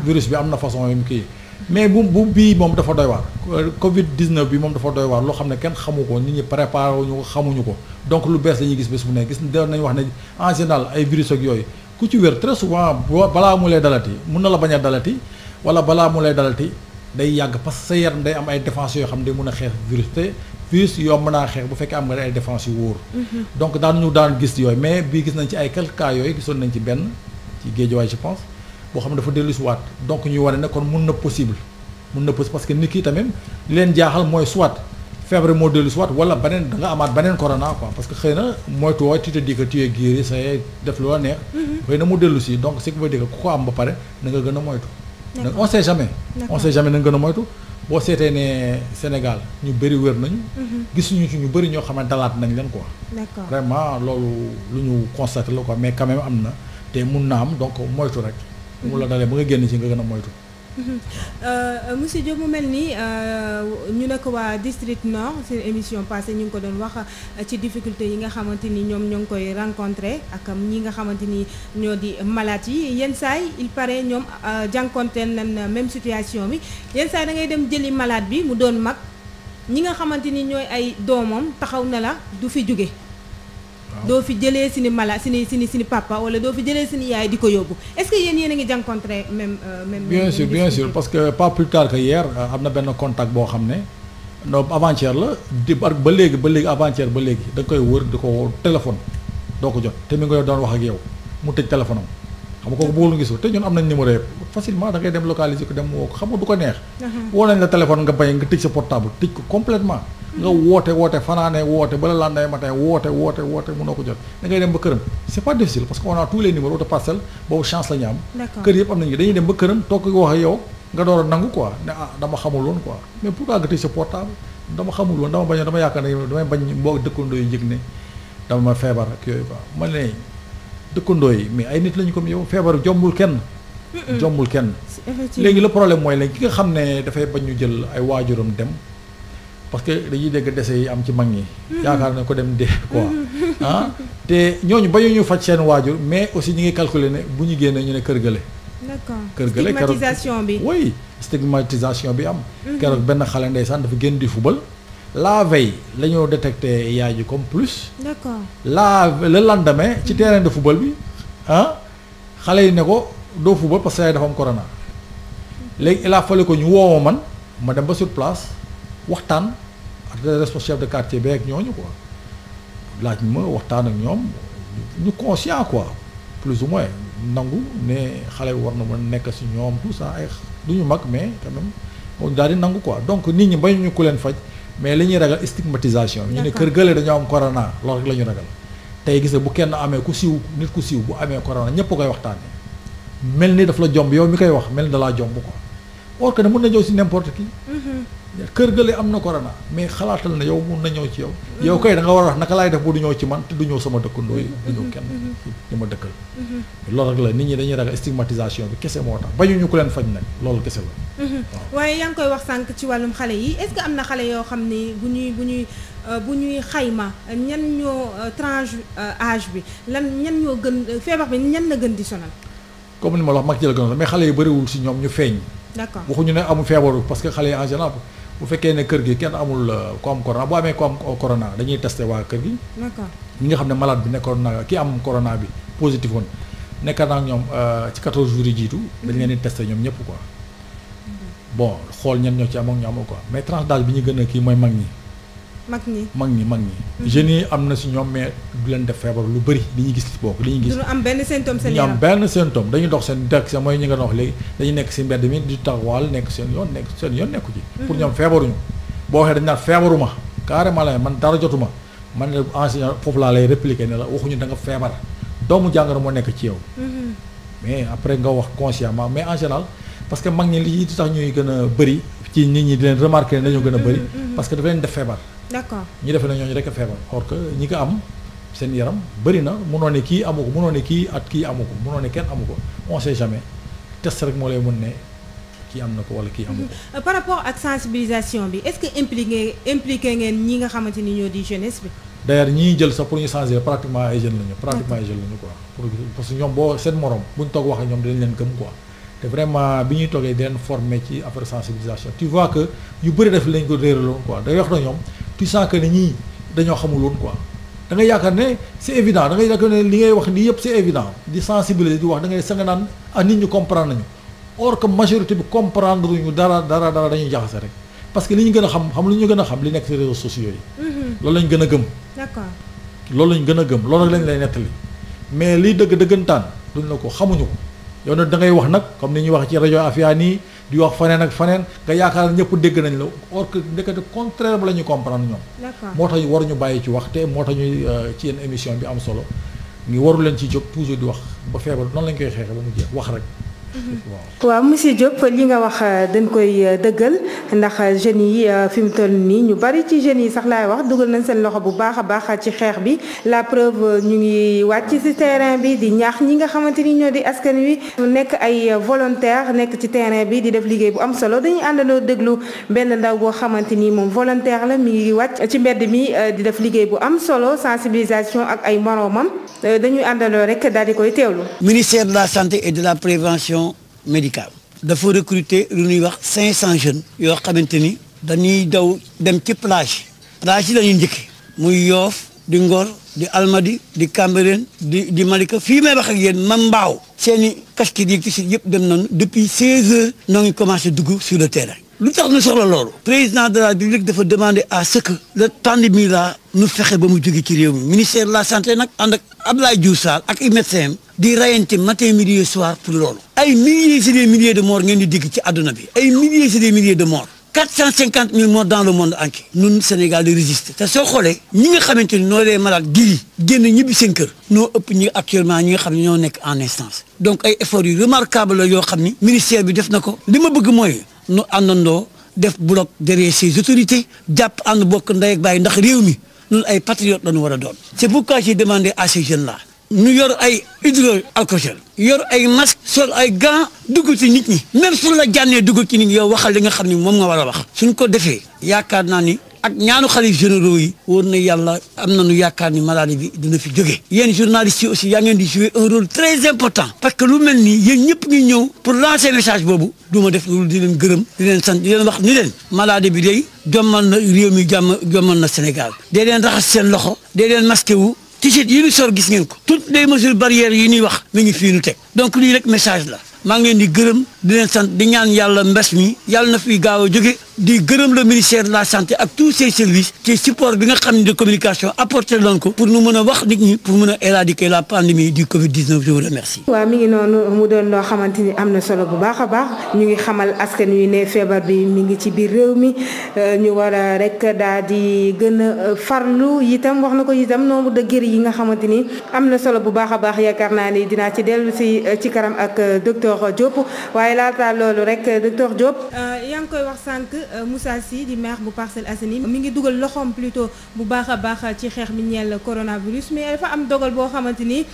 [SPEAKER 2] virus bi am na façon yu kii. mais bu bu bii moom dafa doy waar. Covid 19 bi moom dafa doy waar loo xam ne kenn xamu ko nit ñi préparé wuñu ko xamuñu ko donc lu bees la ñuy gis bés bu wax ne en général ay virus ak yooyu ku ci wér très souvent bañ a dalati wala balaa mu lay dalati yàgg parce que sa yaram ay défense yoo xam ne day mun a xeex virus te virus yomb naa xeex bu fekkee am nga ay défense yu wóor. Mhm. donc daan ñu daan gis yooyu mais bii gis nañ ci ay quelques yooyu gisoon nañ ci benn. ci géejuwaay je pense boo xam ne dafa dellu si waat donc ñuy wane ne kon mun na possible mun na possible parce que nit ki tamit li leen jaaxal mooy soit feebar moo dellu si waat wala beneen da amaat beneen corona quoi parce que xëy na moytu woo tu te dis que tu es guéri def lu la neex. Mm-hmm. xëy na mu dellu si donc ce qui veut dire que ku ko am ba pare na nga gën a moytu. donc on sait jamais. on sait jamais na nga gën a moytu. boo seetee ne Sénégal ñu bëri wér nañu. Mm-hmm. gisuñu ñu bëri ñoo xam nañ leen quoi. vraiment loolu lu ñu constaté la mais quand même na. te mun na am donc moytu rek. mu la dalee ba nga génn ci nga gën a moytu.
[SPEAKER 1] Euh, monsieur Diop mu mel ni euh, ñu nekk waa district nord seen émission passée ñu ngi ko doon wax euh, ci yi nga xamante ni ñoom ñoo ngi koy rencontré ak ñi nga xamante ni ñoo di malaat yi yenn saay il paraît ñoom jànkonteel nañ même situation bi yenn saay da ngay dem jëli malaat bi mu doon mag ñi nga xamante ni ñooy ay doomam taxaw na la du fi jóge doo fi jëlee sini mala sini sini sini papa wala doo fi jëlee sini yaay di ko yóbbu est-ce que yéen yéen a ngi jànkoonte même euh, même bien sûr bien
[SPEAKER 2] sûr parce que pas plus tard que hier euh, am na benn contact boo xam ne non avant-hier la di ba léegi ba léegi avant-hier ba léegi da nga koy wër di ko téléphone doo ko jot te mi nga doon wax ak yow mu tëj téléphone am xam nga kooku bëggul ngisu te ñun am nañ numéro yëpp facilement da ngay dem localiser ko dem woo ko xam nga du ko neex woo nañ la téléphone nga bañ nga tëj sa portable tëj ko complètement nga woote woote fanaanee woote bala landay matin woote woote woote mënoo ko jot da ngay dem ba këram c'est pas difficile parce que on a tous les numéros de parcelle boobu chance la ñu am kër yëpp am nañu dañuy dem ba këram toog wax ak yow nga door a nangu quoi ne ah dama xamul woon quoi mais pourquoi nga tëj sa portable dama xamul woon dama bañ dama ne damay bañ mboo dëkkandoo yëg ne dama feebar ak yooyu quoi ma ne dëkkandoo yi mais ay nit lañu comme yow feebar jombul kenn jombul kenn léegi la problème mooy léegi ki nga xam ne dafay bañ ñu jël ay waajuram dem parce que dañuy dégg dese yi am ci mag ñi. Mm-hmm. yaakaar nañ ko dem dee mm-hmm. quoi ah te ñooñu bañu ñu faj seen waajur mais aussi ñu ngi calculer ne bu ñu génnee ñu ne kër gële.
[SPEAKER 3] kër gële keroog stigmatisation bi. oui
[SPEAKER 2] stigmatisation bi am. Mm-hmm. keroog benn xale ndey ndeysaan dafa génn di fubal. la veille la ñu détecté yaay ji comme plus. d'accord la le ci terrain de football bi ah xale yi ne ko doo fubal parce que yaay dafa am corona. léegi ko ñu woo man ma dem ba sur place. waxtaan ak responsable de quartier beeg ñooñu quoi laaj ma waxtaan ak ñoom ñu conscient quoi plus ou moins nangu ne xale bi war na mën nekk si ñoom tout ça ay du ñu mag mais quand même daal di nangu quoi donc nit ñi bañ ñu ku leen faj mais li ñuy ragal stigmatisation ñu ne kër gële dañoo am corona lool rek la ñu ragal tey gis bu kenn amee ku siiw nit ku siiw bu amee corona ñépp koy waxtaanee mel ni daf la jomb yow mi koy wax mel ni dalaa jomb ko or que na ñëw si n'importe qui. Mm-hmm. kër gële am na corona mais xalaatal na yow mun na ñëw ci yow. yow kay da war a wax naka laay def bu du ñëw ci man te du ñëw sama dëkkandoo yi. du ñëw kenn mm-hmm. ma dëkkal. Mm-hmm. loolu rek nit ñi dañuy ragal stigmatisation bi kese moo tax bañu ñu leen faj nag loolu kese la.
[SPEAKER 1] waaye yaa ngi koy wax sànq ci wàllum xale yi est am na xale yoo xam ni bu ñuy bu ñuy euh, bu ñuy xayma ñan ñoo euh, tranche euh, âge bi lan ñan ñoo gën feebar bi ñan na gën di sonal.
[SPEAKER 2] comme ni ma la wax mag jël gën mais xale yi bëriwul si ñoom ñu feeñ. d'accord waxuñu ne amul feebaru parce que xale yi en bu fekkee ne kër gi kenn amul euh, ku am corona bu amee ku am euh, corona dañuy testé waa kër gi. d'accord ñi nga xam ne malade bi nekkoon na ki am corona bi positif woon nekk naa ñoom euh, ci 14 jours yi jiitu. dañ mhm. leen di testé ñoom ñëpp quoi.
[SPEAKER 3] Mhm.
[SPEAKER 2] bon xool ñenn ñoo ci am ak ñoo amul quoi mais tranche d'âge bi ñu gën a kii mooy mag ñi. mag ñi mag ñi mag ñi. Mhm. jeunes yi am na si ñoom mais du leen def feebar lu bëri li ñuy gis bokk li ñu gis. du am
[SPEAKER 1] benn symptôme seen yaram am
[SPEAKER 2] benn symptôme dañuy dox seen dëkk sa mooy ñi nga dox nekk si mbedd mi di taxawaal nekk seen yoon nekk seen yoon nekku ci. pour mhm. ñoom feebaruñu boo waxee dañ naan feebaruma carrément man dara jotuma man ne foofu laa lay répliqué ne la waxuñu da nga feebar doomu jàngoro moo nekk ci yow. Mhm. mais après nga wax consciemment mais en général parce que mag ñi li tax ñuy gën a bëri ci nit ñi di leen remarquer ne dañoo gën a bëri parce que dafa leen def feebar d'accord ñu defee ne ñooñu rek a feebar or que ñi ko am seen yaram bëri na mënoo ne kii amu ko mënoo ne kii at kii amu ko mënoo ne kenn amu ko on sait jamais test rek moo lay mën ne kii am na ko wala kii amu ko.
[SPEAKER 1] Euh, par rapport ak sensibilisation bi est-ce que impliqué impliqué ngeen ñi nga xamante ni ñoo di jeunesse bi.
[SPEAKER 2] d'ailleurs ñi jël sax pour ñu sensibiliser pratiquement ay jeunes lañu. pratiquement ay jeunes lañu quoi pour parce que ñoom boo seen morom buñ toog wax ak ñoom dinañ leen gëm quoi. te vraiment bi ñuy toogee di que yu bëri def lañ ko réeraloon quoi day tu sens que ni ñii dañoo xamul woon quoi da ne c'est évident da ngay ne li ngay wax nii yëpp c'est évident di sensibiliser di wax da ngay sën naan ah nit ñi comprendre nañu or que majorité bi comprendre ñu dara dara dara dañuy jaxase rek parce que li ñu gën a xam xam lu ñu gën a xam li nekk ci réseaux sociaux yi. Mm-hmm. loolu lañ gën a gëm. d'accord loolu lañ gën a gëm loolu rek lañ lay nettali mais liy dëgg dëggantaan duñ la ko xamuñu ko yow nag da ngay wax nag comme ñuy wax ci rajo Afia di wax faneen ak faneen nga yaakaar ñëpp dégg nañ la or que ndekete contraire bi la ñu comprendre
[SPEAKER 3] ñoom moo tax
[SPEAKER 2] ñu bàyyi ci wax te moo tax ñuy euh, ci yenn émission bi am solo ngi waru leen ci jóg toujours di wax ba feebar noonu lañ koy xeexee ba mu wax rek
[SPEAKER 1] waaw monsieur Diop li nga wax euh, dañ koy euh, dëggal ndax euh, jeunes yi fi mu toll nii ñu bari ci jeunes yi sax laay wax dugal nañ seen loxo bu baax a baax ci xeex bi la preuve ñu ngi wàcc ci terrain bi di ñaax ñi nga xamante ni ñoo di askan wi nekk ay volontaire nekk ci terrain bi di def liggéey bu am solo dañuy àndandoo déglu benn ndaw boo xamante ni moom volontaire la mi ngi wàcc ci mbedd mi di def liggéey bu am solo sensibilisation ak ay moroomam dañuy àndandoo rek daal di koy teewlu.
[SPEAKER 4] ministère de la santé et de la prévention. médical dafa recruter lu ñuy wax cinq cent jeunes yoo xamante ni dañuy daw dem ci plage plage yi la ñuy njëkk muy yoof di Ngor di Almadi di Cambérène di di Malika fii may wax ak yéen ma mbaaw seen i casquettes yi si yëpp dem nañu depuis seize heures noo ngi commencé dugg sur le terrain lu tax ñu soxla loolu président de la République dafa demander à ce que la pandémie la ñu fexe ba mu jóge ci réew mi ministère la santé nag ànd ak Abdoulaye Diouf Sall ak i médecin di rayante matin midi soir pour loolu ay milliers et des milliers de morts ngeen di digg ci àdduna bi ay milliers et des milliers de morts quatre cent cinquante mille morts dans le monde entier ñun Sénégal di résister te soo xoolee ñi nga xamante ni noo dee malade giri génn ñibbi kër noo ëpp ñi actuellement ñi nga xam ne ñoo nekk en instance donc ay efforts yu remarquable la yoo xam ni ministère bi def na ko li ma bëgg mooy nu àndandoo def bloc derrière ces autorités jàpp ànd bokk ndey ak bàyyi ndax réew mi ñun ay patriotes la ñu war a doon c'est pourquoi j'ai demandé à ces ñu yor ay hydroalcool yor ay masque sol ay gan dugg ci nit ñi même la jànnee dugg ci nit ñi yow waxal li nga xam ni moom nga war a wax suñ ko defee yaakaar naa ni ak ñaanu xalif généraux yi wóor na yàlla am nañu yaakaar ni maladie bi dina fi jógee yéen journalistes aussi yaa ngeen di jouer un rôle très important parce que lu mel nii yéen ñëpp ngi ñëw pour lancer message boobu du ma def loolu di leen gërëm di leen sant di leen wax ni leen maladie bi day jommal na réew mi jàmm jommal na Sénégal dee leen seen loxo dee leen tisit yi ñu sor gis ngeen ko toutes les mesures barrières yi ñuy wax mi ngi fii ñu teg donc lii rek message la maa ngi leen di gërëm di leen sant ñaan yàlla mbes mi yàlla na fi gaaw a jóge di gërëm le ministère de la santé ak tous ses services ci support bi nga xam ne de communication apporté loon ko pour nu mën a wax nit ñi pour mën a éradiquer la pandémie du Covid 19 je vous remercie.
[SPEAKER 1] waaw mi ngi noonu mu doon loo xamante ni am na solo bu baax a baax ñu ngi xamal askan wi ne feebar bi mi ngi ci biir réew mi euh, ñu war a rek daal di gën farlu itam wax na ko itam nombre de guéris yi nga xamante ni am na solo bu baax a baax yaakaar naa ni dinaa ci docteur Diop waaye laata loolu rek docteur Diop. Euh, yaa ngi koy wax sànq euh, Moussa Sy di maax bu Parcelles Assainies mu ngi dugal loxoom plutôt bu baax a baax ci xeex mi ñeel coronavirus mais dafa am dogal boo xamante ni.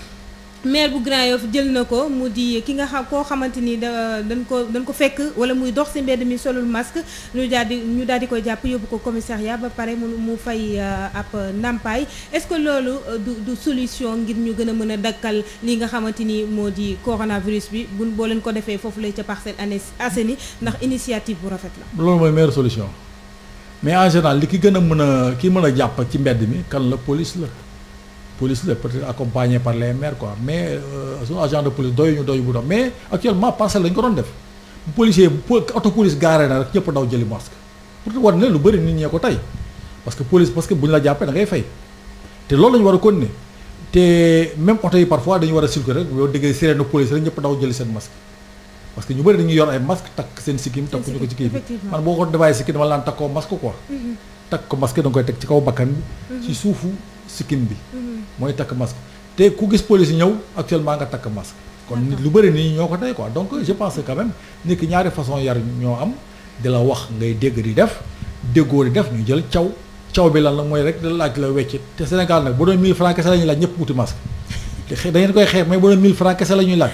[SPEAKER 1] maire bu Grand Yoff jël na ko mu di ki nga xam koo xamante ni da dañ ko dañ ko fekk wala muy dox si mbedd mi solul masque ñu daal di ñu daal di koy jàpp yóbbu ko commissariat ba pare mu mu fay euh, ab ndàmpaay est-ce que loolu euh, du solution ngir ñu gën a mën a dakkal li nga xamante ni moo di coronavirus bi bu boo leen ko defee foofu lay ca Parcelles Assainies ndax initiative bu rafet la.
[SPEAKER 2] loolu mooy meilleure solution mais en li ki gën a mën a ki mën jàpp ci mbedd mi kan la police la. police la peut-être accompagné par les maires quoi mais euh, suñu agent de police doyu bu doon mais actuellement parcelle lañ ko doon def bu policier bu auto police garé na rek ñëpp daw jëli masque pour war ne lu bëri nit ñee ko tey parce que police parce que bu ñu la jàppee da ngay te loolu la war a kon continuer te même oto yi parfois dañu war a circuler rek yow déggee sirène police rek ñëpp daw jëli seen masque parce que ñu bëri dañuy yor ay masque takk seen sikkim takk ñu ko ci kii bi ko defaay sikkim dama mhm. koy teg ci kaw bakkan bi mhm. suufu sikkim bi mhm. mooy takk masque te ku gis police ñëw actuellement nga takk masque. kon nit lu bëri nii ñoo ko tey quoi donc je pense quand même nit ki ñaari façon yar ñoo am di la wax ngay dégg di def déggoo di def ñu jël caw caw bi lan la mooy rek da laaj la wecc te Sénégal nag bu doon 1000 kese la laaj ñëpp wuti masque te koy xeex mais bu doon 1000 kese la laaj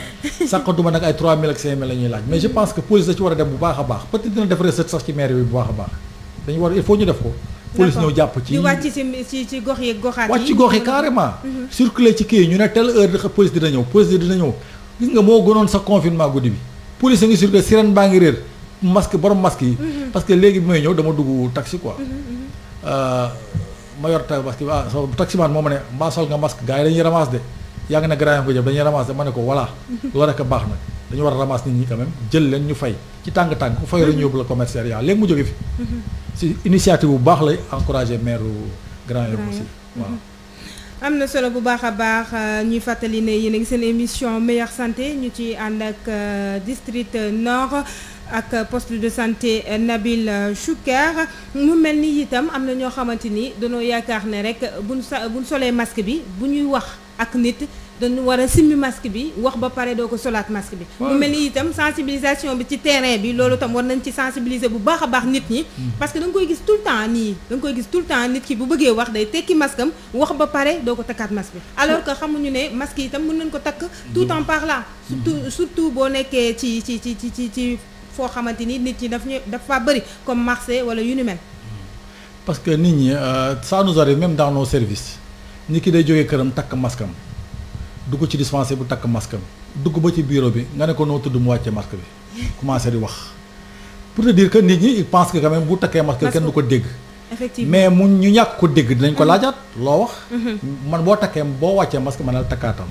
[SPEAKER 2] sàqatuma nag ay 3000 ak 5000 la ñuy laaj mais je pense que police da ci war a a baax peut-être dina a baax dañu war ko police ñëw jàpp ci wàcc
[SPEAKER 1] ci ci gox yeeg goxaat yi wàcc ci gox yi carrément. Mhm.
[SPEAKER 2] circuler ci kii ñu ne telle heure dafa police dina ñëw police dina ñëw gis nga moo gënoon sa confinement guddi bi police a ngi circuler sirène baa ngi réer masque borom masque yi. Mhm. parce que léegi bi may ñëw dama dugg taxi quoi.
[SPEAKER 3] Mhm,
[SPEAKER 2] euh, ma yor ta parce que ah sama taximaan moo ma ne mbaa sol nga masque gars yi dañuy ramasse de yaa ngi ne grand ko jëm dañuy ramasse de ma ne ko voilà. loolu rek baax na. dañu war a ramas nit ñi quand jël leen ñu fay ci tàng tàng ku fay la ñu yóbbu la commissariat léegi mu jóge fi. Mm-hmm. si initiative bu baax lay encouragé maire Grand Yoff aussi
[SPEAKER 1] waaw. Mm-hmm. am na solo bu baax a baax euh, ñuy fàttali ne yéen a ngi seen émission meilleure santé ñu ci ànd ak euh, district nord ak poste de santé Nabil Choucair mu mel ni itam am na ñoo xamante ni danoo yaakaar ne rek bu sa bu solee masque bi bu ñuy wax ak nit. dañu war a simmi masque bi wax ba pare doo ko solaat masque bi mu mel ni itam sensibilisation bi ci terrain bi loolu itam war nañ ci sensibiliser bu baax a baax nit ñi hmm. parce que da koy gis tout le temps nii da nga koy gis tout temps nit ki bu bëggee wax day tekki masque wax ba pare doo ko takkaat masque bi alors xamuñu ne masque yi itam mën nañ ko takk tout hmm. en par là hmm. surtout boo nekkee ci ci ci ci ci ci foo xamante ni nit ñi daf ñu dafa bëri comme marché wala yu ni
[SPEAKER 2] parce que nit ñi euh, ça nous arrive même dans nos services nit ki day jógee këram takk maskam dugg ci dispensaire bu takk masque am dugg ba ci bureau bi nga ne ko noo tudd mu wàcce masque bi commencé di wax pour te dire que ñi ils pensent que quand bu takkee masque kenn du ko dégg
[SPEAKER 3] effectivement mais
[SPEAKER 2] ñu ñàkk ko dégg dinañ ko mhm. laajaat loo wax mhm. man boo takkee boo wàccee masque man daal takkaatam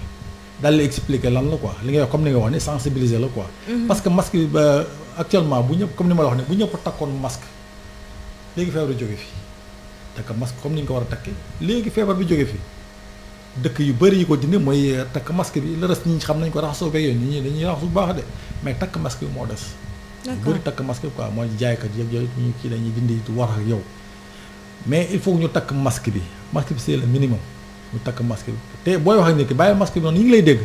[SPEAKER 2] daal la expliquer lan la quoi li ngay wax comme ni nga la quoi mhm. parce que masque bi actuellement bu ñëpp comme ni ma la wax ne bu ñëpp takkoon masque léegi feebar bi jóge fi takk masque comme ni ñu ko war a takkee léegi feebar bi jóge fi dëkk yu bëri yi ko dindi mooy euh, takk masque bi le reste ñi xam nañ ko raxasoo beeg yoon ñi dañuy raxasu bu baax de mais takk masque bi moo des. d'accord bëri takk masque bi quoi mooy jaaykat yëpp yooyu ñu kii dañuy dindi war ak mais il faut ñu takk masque bi masque bi c'est le minimum ñu takk masque bi te booy waxee ak nit ki bàyyi masque bi noonu ñu ngi lay dégg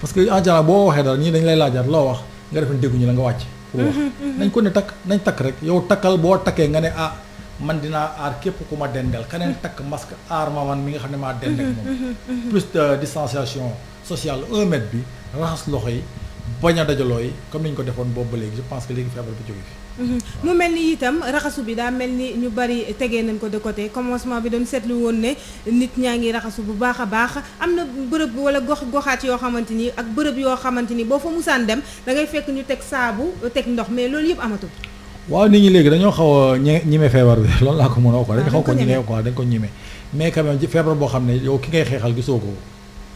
[SPEAKER 2] parce que boo waxee dara ñi dañ lay laajaat loo wax nga defoon dégguñu la nga wàcc. pour wax nañ ko ne takk nañ takk rek yow takkal boo takkee nga ne ah. man dinaa aar képp ku ma dendal keneen takk masque aar ma man mi nga xam ne maa dendal moom plus de distanciation sociale un bi raxas loxo yi bañ a dajaloo yi comme ni ko defoon boobu léegi je pense que léegi feebar bi jóge
[SPEAKER 1] fi mhm. mu mel ni itam raxasu bi daa mel ni ñu bari tegee nañ ko de côté commencement bi doon seetlu woon ne nit ñaa ngi raxasu bu baax a baax am na bërëb wala gox goxaat yoo xamante ni ak bërëb yoo xamante ni boo fa musaan dem da ngay fekk ñu teg saabu teg ndox mais loolu yëpp amatul
[SPEAKER 2] waaw nit ñi léegi dañoo xaw a ñime feebar bi loolu laa ko mën ah, ko ñime dañ ko ñime mais quand même feebar boo xam ne yow ki ngay xeexal gisoo ko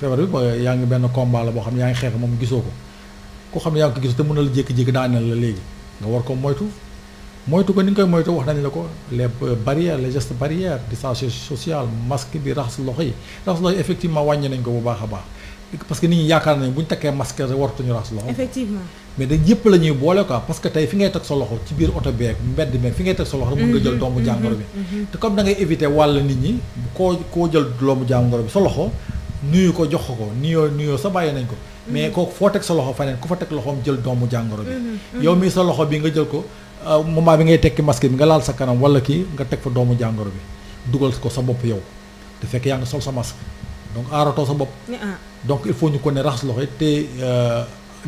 [SPEAKER 2] feebar bi yaa ngi benn combat la boo xam ne yaa ngi xeex moom gisoo ko ku xam ne yaa ngi ko gis te mën na la jékki-jékki daaneel la léegi nga war ko moytu moytu ko ni nga koy moytu wax nañ la ko les barrières les gestes barrières distance sociale masque bi raxas loxo yi raxas loxo yi effectivement wàññi nañ ko bu baax a baax parce que nit ñi yaakaar nañ bu ñu takkee masque wartuñu raxas mais dañ yëpp la ñuy boole quoi parce que tey fi ngay teg sa loxo ci biir oto beeg mbedd meeg fi ngay teg sa loxo rek mën nga jël doomu mhm. jàngoro bi mhm. Mhm. te comme da ngay wàll nit ñi koo koo jël doomu jàngoro bi sa loxo nuyu ko jox ko nuyoo nuyoo sa bàyyi nañ ko mais kooku foo teg sa loxo faneen ku fa teg loxoom jël doomu jàngoro bi yow mii sa loxo bi nga jël ko euh, moment bi ngay tekki masque bi nga laal sa kanam wala kii nga teg fa doomu jàngoro bi dugal ko sa bopp yow te fekk yaa ngi sol sa masque sa bopp ah. donc il faut ñu ko ne raxas loxo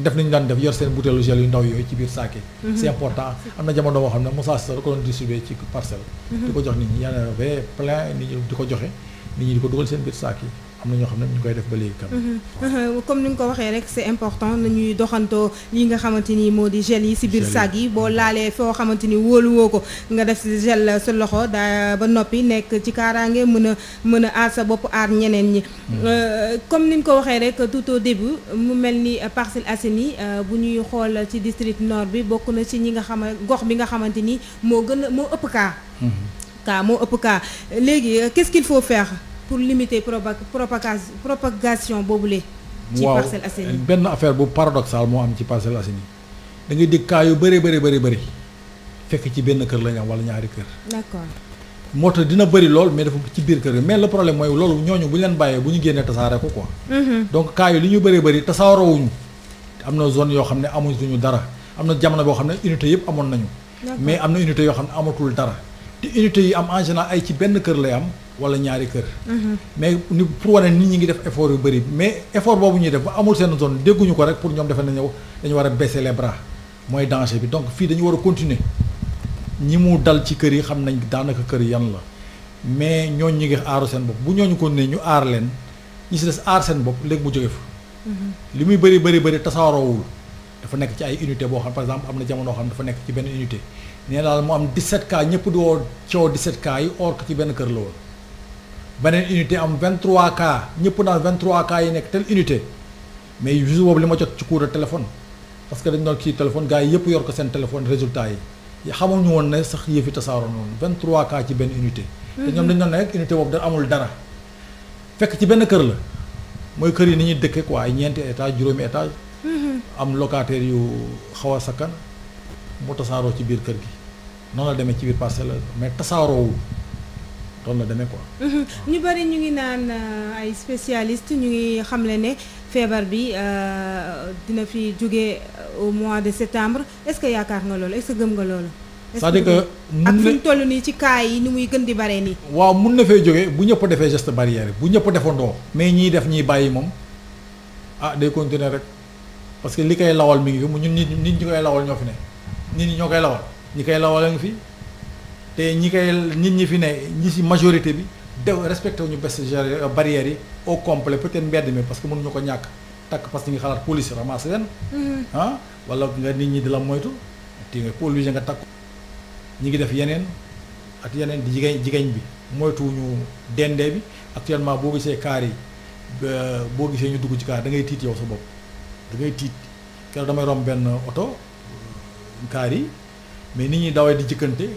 [SPEAKER 2] def nañu daan def yor seen butéelu gel yu ndaw yooyu ci biir saake mhm. c'est important am na jamono boo xam ne Moussa Cissé da ko doon distribuer ci parcelle mhm. di ko jox nit ñi yaa plein nit ñi di ko joxe nit ñi di ko dugal seen biir saak yi am na ñoo xam ne ñu koy def ba mhm.
[SPEAKER 1] Mhm. comme ni nga ko waxee rek c'est important nañuy doxantoo yi nga xamante ni moo di gel yi si biir sac yi boo laalee foo xamante ni wóolu woo ko nga def si gel sa loxo da ba noppi nekk ci kaaraange mën a mën a aar sa bopp aar ñeneen ñi mhm. euh, comme ni nga ko waxee rek tout au début mu mel ni Parcelles Assainies euh, bu ñuy xool ci district nord bi bokk na ci ñi nga xam gox bi nga xamante ni moo gën a moo ëpp kaa kaa moo ëpp kaa léegi euh, qu'est-ce qu'il faut pour limiter propa propagation boobule. ci Parcelles Assainies waaw
[SPEAKER 2] benn affaire bu paradoxal moo am ci Parcelles Assainies da ngay dégg cas yu bëree bëri bëri bëri fekk ci benn kër la ñu am wala ñaari kër. d'accord moo tax dina bëri lool mais dafa ci biir kër yi mais la problème mooy loolu ñooñu bu leen bàyyee bu ñu génnee tasaare ko quoi. Mm-hmm. donc cas yi li ñu bëree bëri tasaaroowuñu am na zone yoo xam ne amuñu dara am na jamono boo xam ne unité yëpp amoon nañu. mais am na unité yoo xam ne amatul dara te unité yi am en ay ci benn kër lay am. wala ñaari kër. mais ni pour wane nit ñi ngi def effort yu bëri mais effort boobu ñuy def ba amul seen zone dégguñu ko rek pour ñoom defe nañu dañu war a baisser les bras mooy danger bi donc fii dañu war a continuer ñi mu dal ci kër yi xam nañ daanaka kër yan la mais ñooñ ñu ngi aaru seen bopp bu ñooñu ko ne ñu aar leen ñi si des aar seen bopp léegi mu jóge fa. li muy bëri bëri bëri tasaaroowul dafa nekk ci ay unité boo xam par exemple am na jamono xam dafa nekk ci benn unité nee daal mu am 17 cas ñëpp di woo coow 17 cas yi or que ci benn kër la woon. beneen unité am 23 cas ñëpp naan 23 cas yi nekk telle unité mais juste boobu ma jot ci cours de parce que dañ doon kii téléphone gars yi yëpp yor ko seen téléphone résultat yi xamuñu woon ne sax yëfi tasaaroo noonu 23 cas ci benn unité. te ñoom dañ doon nekk rek unité boobu da amul dara. fekk ci benn kër la mooy kër yi ni ñuy dëkkee quoi ay ñeenti étage juróomi étage. am locataire yu xaw a sakkan mu tasaaroo ci biir kër gi noonu la demee ci biir parcelle mais tasaaroowul. loolu la demee quoi.
[SPEAKER 1] Mhm. ñu bari ñu ngi naan euh, ay spécialiste ñu ngi xamle ne feebar bi euh, dina fi jóge euh, au mois de septembre est-ce que yaakaar nga loolu est gëm nga loolu. cest à que mun na ak fi toll nii ci cas yi ni muy gën di bare nii.
[SPEAKER 2] waaw mun na fay jógee bu ñëpp defee geste barrière bu ñëpp defandoo. mais ñiy def ñiy bàyyi moom ah day continuer rek parce que li koy lawal mi ngi fi mu ñun nit ñi koy lawal ñoo fi ne nit ñi ñoo koy lawal ñi koy lawal a ngi fi. te ñi koy nit ñi fi ne ñi ci majorité bi de respecté wuñu best euh, barrières yi au complet peut-être mbedd mi parce que mënuñu ko ñàkk takk parce que ñu ngi xalaat police ramasse leen mm-hmm. ah wala nga nit ñi di la moytu te nga obligé nga takk ñi ngi def yeneen ak yeneen di jigéen jigéen bi moytuwuñu dendee bi actuellement boo gisee kaar yi boo gisee ñu dugg ci kaar da ngay tiit yow sa bopp da ngay tiit keroog damay romb benn oto kaar yi mais nit ñi dawee di jëkkante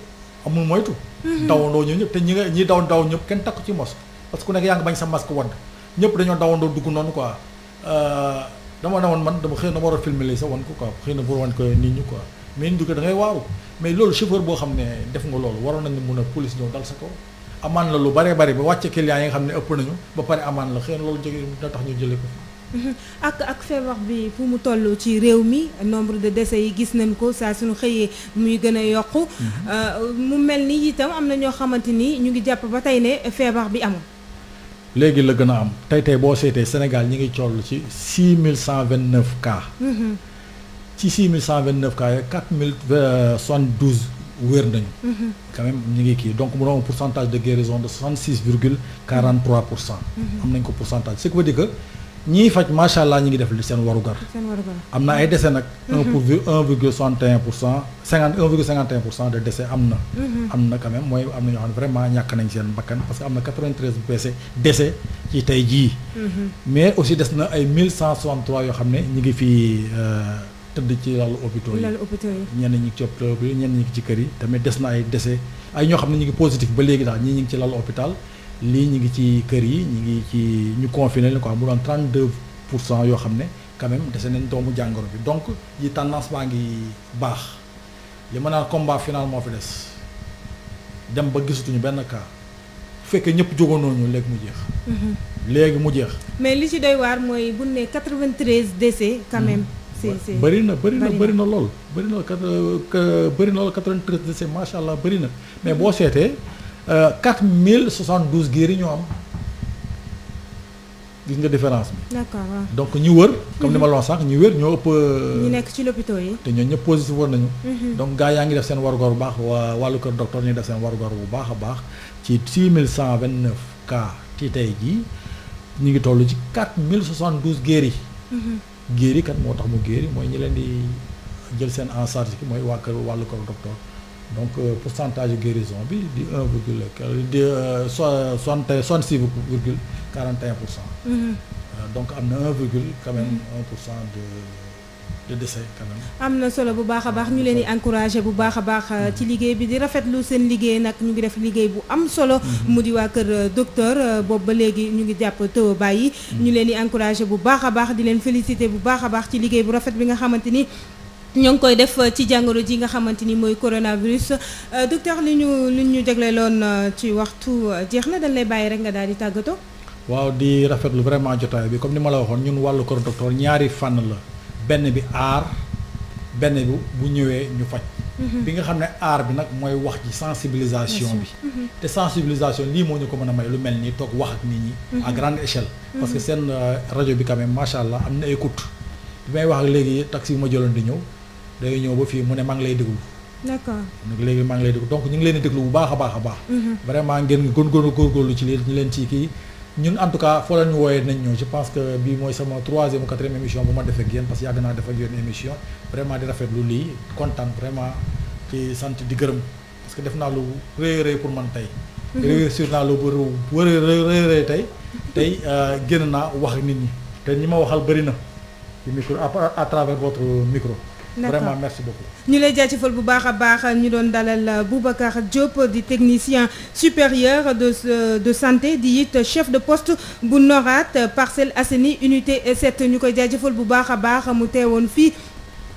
[SPEAKER 2] amul moytu.
[SPEAKER 3] Mhm. dawandoo
[SPEAKER 2] ñoom ñëpp te ñi nga ñi daw daw ñëpp kenn takk ci mos. parce que ku nekk yaa ngi bañ sa masque wadd ñëpp dañoo dawandoo dugg noonu quoi euh, dama ne woon man dama xëy na ma war a filmer wan ko quoi xëy na pour wan ko nit ñi quoi mais nit ñi da waaru mais loolu chauffeur boo xam ne def nga loolu waroon nañu mun a police ñëw dal sa kaw. amaan la lu bare bare ba wàcce client yi nga xam ne ëpp nañu ba pare amaan la xëy na loolu jógee na tax ñu jëlee
[SPEAKER 1] ak ak feebar bi fu mu toll ci réew mi nombre de décès yi gis nañ ko saa suñu xëyee muy gën a yokku mm-hmm. euh, mu mel ni itam am na ñoo xamante ni ñu ngi jàpp ba tey ne feebar bi amul
[SPEAKER 2] léegi la gën a am tey tey boo seetee Sénégal ñi ngi toll ci six mille cent vingt neuf cas mm-hmm. ci six mille cent vingt neuf cas yi quatre mille euh, soixante douze wér nañu mm-hmm. quand même ñu ngi kii donc mu doon pourcentage de guérison de soixante six virgule quarante trois pour cent am nañ ko pour ce qui veut dire que ñii faj macha allah ñi ngi def li seen warugar. seen am na ay décès nag. un mm-hmm. pour un virgule soixante et un pour cent cinquante un virgule cinquante un pour cent de décès am na. Mm-hmm. am na quand même mooy am na ñoo xam ne vraiment ñàkk nañ seen bakkan parce que am na 93 décès décès ci tey jii. Mm-hmm. mais aussi des na ay mille cent 1163 yoo xam ne ñu ngi fii euh, tëdd ci lalu hôpitaux yi lalu hôpitaux yi. ñenn ñi ngi ci ci kër yi tamit des na ay décès ay ñoo xam ne ñu ngi positif ba léegi daal ñii ñu ngi ci lalu hôpital. lii ñu ngi ci kër yi ñu ngi ci ñu confiné leen quoi mu doon 32 pour cent yoo xam ne quand même dese nañ doomu jàngoro bi donc yi tendance baa ngi baax li ma naan combat final moo fi des dem ba gisatuñu benn cas bu fekkee ñëpp jógoonoo ñu léegi mu jeex. Mhm. léegi mu jeex.
[SPEAKER 1] mais li ci doy waar mooy bu ne 93 décès quand même. Mhm. c'est c'est bëri
[SPEAKER 2] na bëri na bëri na lool. bëri euh, na lool 93 décès macha allah bëri na mais boo seetee. Euh, quatre mille soixante douze guéris ñoo am gis nga différence bi. d'accord waaw donc ñu wër. comme ni ma mhm. la wax ñu wër ñoo ëpp. ñu
[SPEAKER 1] nekk ci l'hôpital yi.
[SPEAKER 2] te ñooñu ñëpp positif woon nañu. Mhm. donc gars yaa ngi def seen warugar bu baax waa wàllu kër docteur ñu def seen warugar bu baax a baax ci six mille cent vingt neuf cas ci tey jii ñu ngi toll ci quatre mille soixante douze guéris. Mhm. guéris kat moo tax mu guéri mooy ñi leen di jël seen en charge ki mooy waa kër wàllu kër docteur. donc euh, pourcentage guérison bi di un virgule di euh, soixante soixante six virgule quarante et un pour cent. Mhm. Euh, donc am na un virgule quand même mhm. un pour cent de.
[SPEAKER 1] am na solo bu baax a baax ñu leen di encouragé bu baax a baax ci mhm. liggéey bi di rafetlu seen liggéey nag ñu ngi def liggéey bu am solo mu di waa kër docteur boobu ba léegi ñu ngi jàpp taw bàyyi ñu leen di encouragé bu baax a baax di leen félicité bu baax a baax ci liggéey bu rafet bi nga xamante ni ñoo ngi koy def euh, ci jàngoro ji nga xamante ni mooy coronavirus euh, docteur li ñu li ñu na euh, ci waxtu jeex na dañ lay bàyyi rek nga daal di tàggatoo.
[SPEAKER 2] waaw di rafetlu vraiment jotaay bi comme ni ma la waxoon ñun wàllu Kër Docteur ñaari fànn la benn bi aar benn bi bu ñëwee ñu faj. Mhm. bi nga xam ne aar bi nag mooy wax ji sensibilisation bi. Mhm. te sensibilisation lii moo ñu ko mën a may lu mel nii toog wax ak nit ñi. Mhm. à grande échelle. parce que seen rajo bi quand macha allah am na écoute wax ak léegi taxi bi ma jëloon di ñëw. day ñëw ba fii mu ne maa ngi lay déglu. d'accord nag léegi maa ngi lay déglu donc ñu ngi leen di bu baax a baax a baax. Mm-hmm. vraiment ngeen góorgóorlu góorgóorlu ci lii ñu leen ci kii. ñun en tout cas foo leen ñu wooyee nañ ñëw je pense bi bii mooy sama troisième ou quatrième émission bu ma defee ak yéen parce que yàgg naa def ak émission vraiment di rafetlu lii kontaan vraiment ci sant di gërëm parce que def naa lu rëy rëy pour man tey.
[SPEAKER 3] Mm-hmm. réussir
[SPEAKER 2] naa lu bëri rëy rëy tey. tey euh, génn naa wax nit ñi te ñi ma waxal bëri na ci micro à travers votre micro. vraiment merci beaucoup.
[SPEAKER 1] ñu lay jaajëfal bu baax a baax ñu doon dalal Boubacar Diop di technicien supérieur de euh, de santé di it chef de poste bu NORAD parcelle Assainies unité set ñu koy jaajëfal bu baax a baax mu teewoon fii.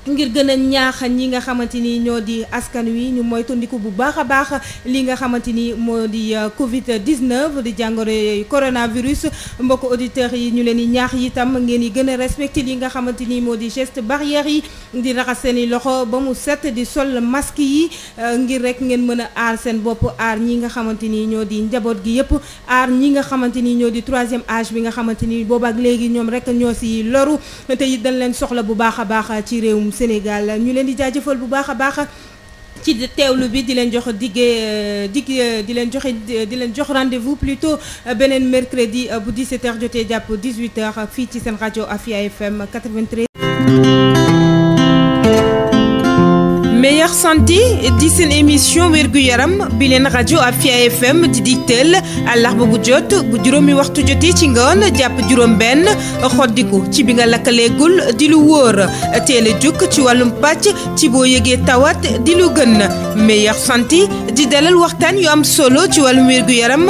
[SPEAKER 1] ngir gën a ñaax ñi nga xamante ni ñoo di askan wi ñu moytandiku bu baax a baax li nga xamante ni moo di euh, Covid 19 di jàngoro yooyu coronavirus mbokk auditeurs yi ñu leen di ñaax itam ngeen di gën a respecté li xamante ni moo di geste barrière yi di raxas seen i loxo ba mu set di sol masque yi euh, ngir rek ngeen mën a aar seen bopp aar ñi nga xamante ni ñoo di njaboot gi yëpp aar ñi nga xamante ni ñoo di troisième age bi nga xamante ni boobaak léegi ñoom rek ñoo si loru te it dañ leen soxla bu baax a baax ci réewum Sénégal ñu leen di jaajëfal bu baax a baax ci teewlu bi di leen jox diggee euh, digg euh, di leen joxe di leen jox rendez-vous plutôt euh, beneen mercredi bu 17h jotee jàpp 18h fii ci seen rajo Afia FM 93. santé di seen émission wérgu yaram bi leen rajo Afia FM di digteel àllarba bu jot bu juróomi waxtu jotee ci ngoon jàpp juróom-benn xoddiku ci bi nga lakkaleegul di lu wóor teel a jukk ci wàllum pàcc ci boo yëgee tawat di lu gën meilleure santé di dalal waxtaan yu am
[SPEAKER 3] solo ci wàllum wérgu yaram.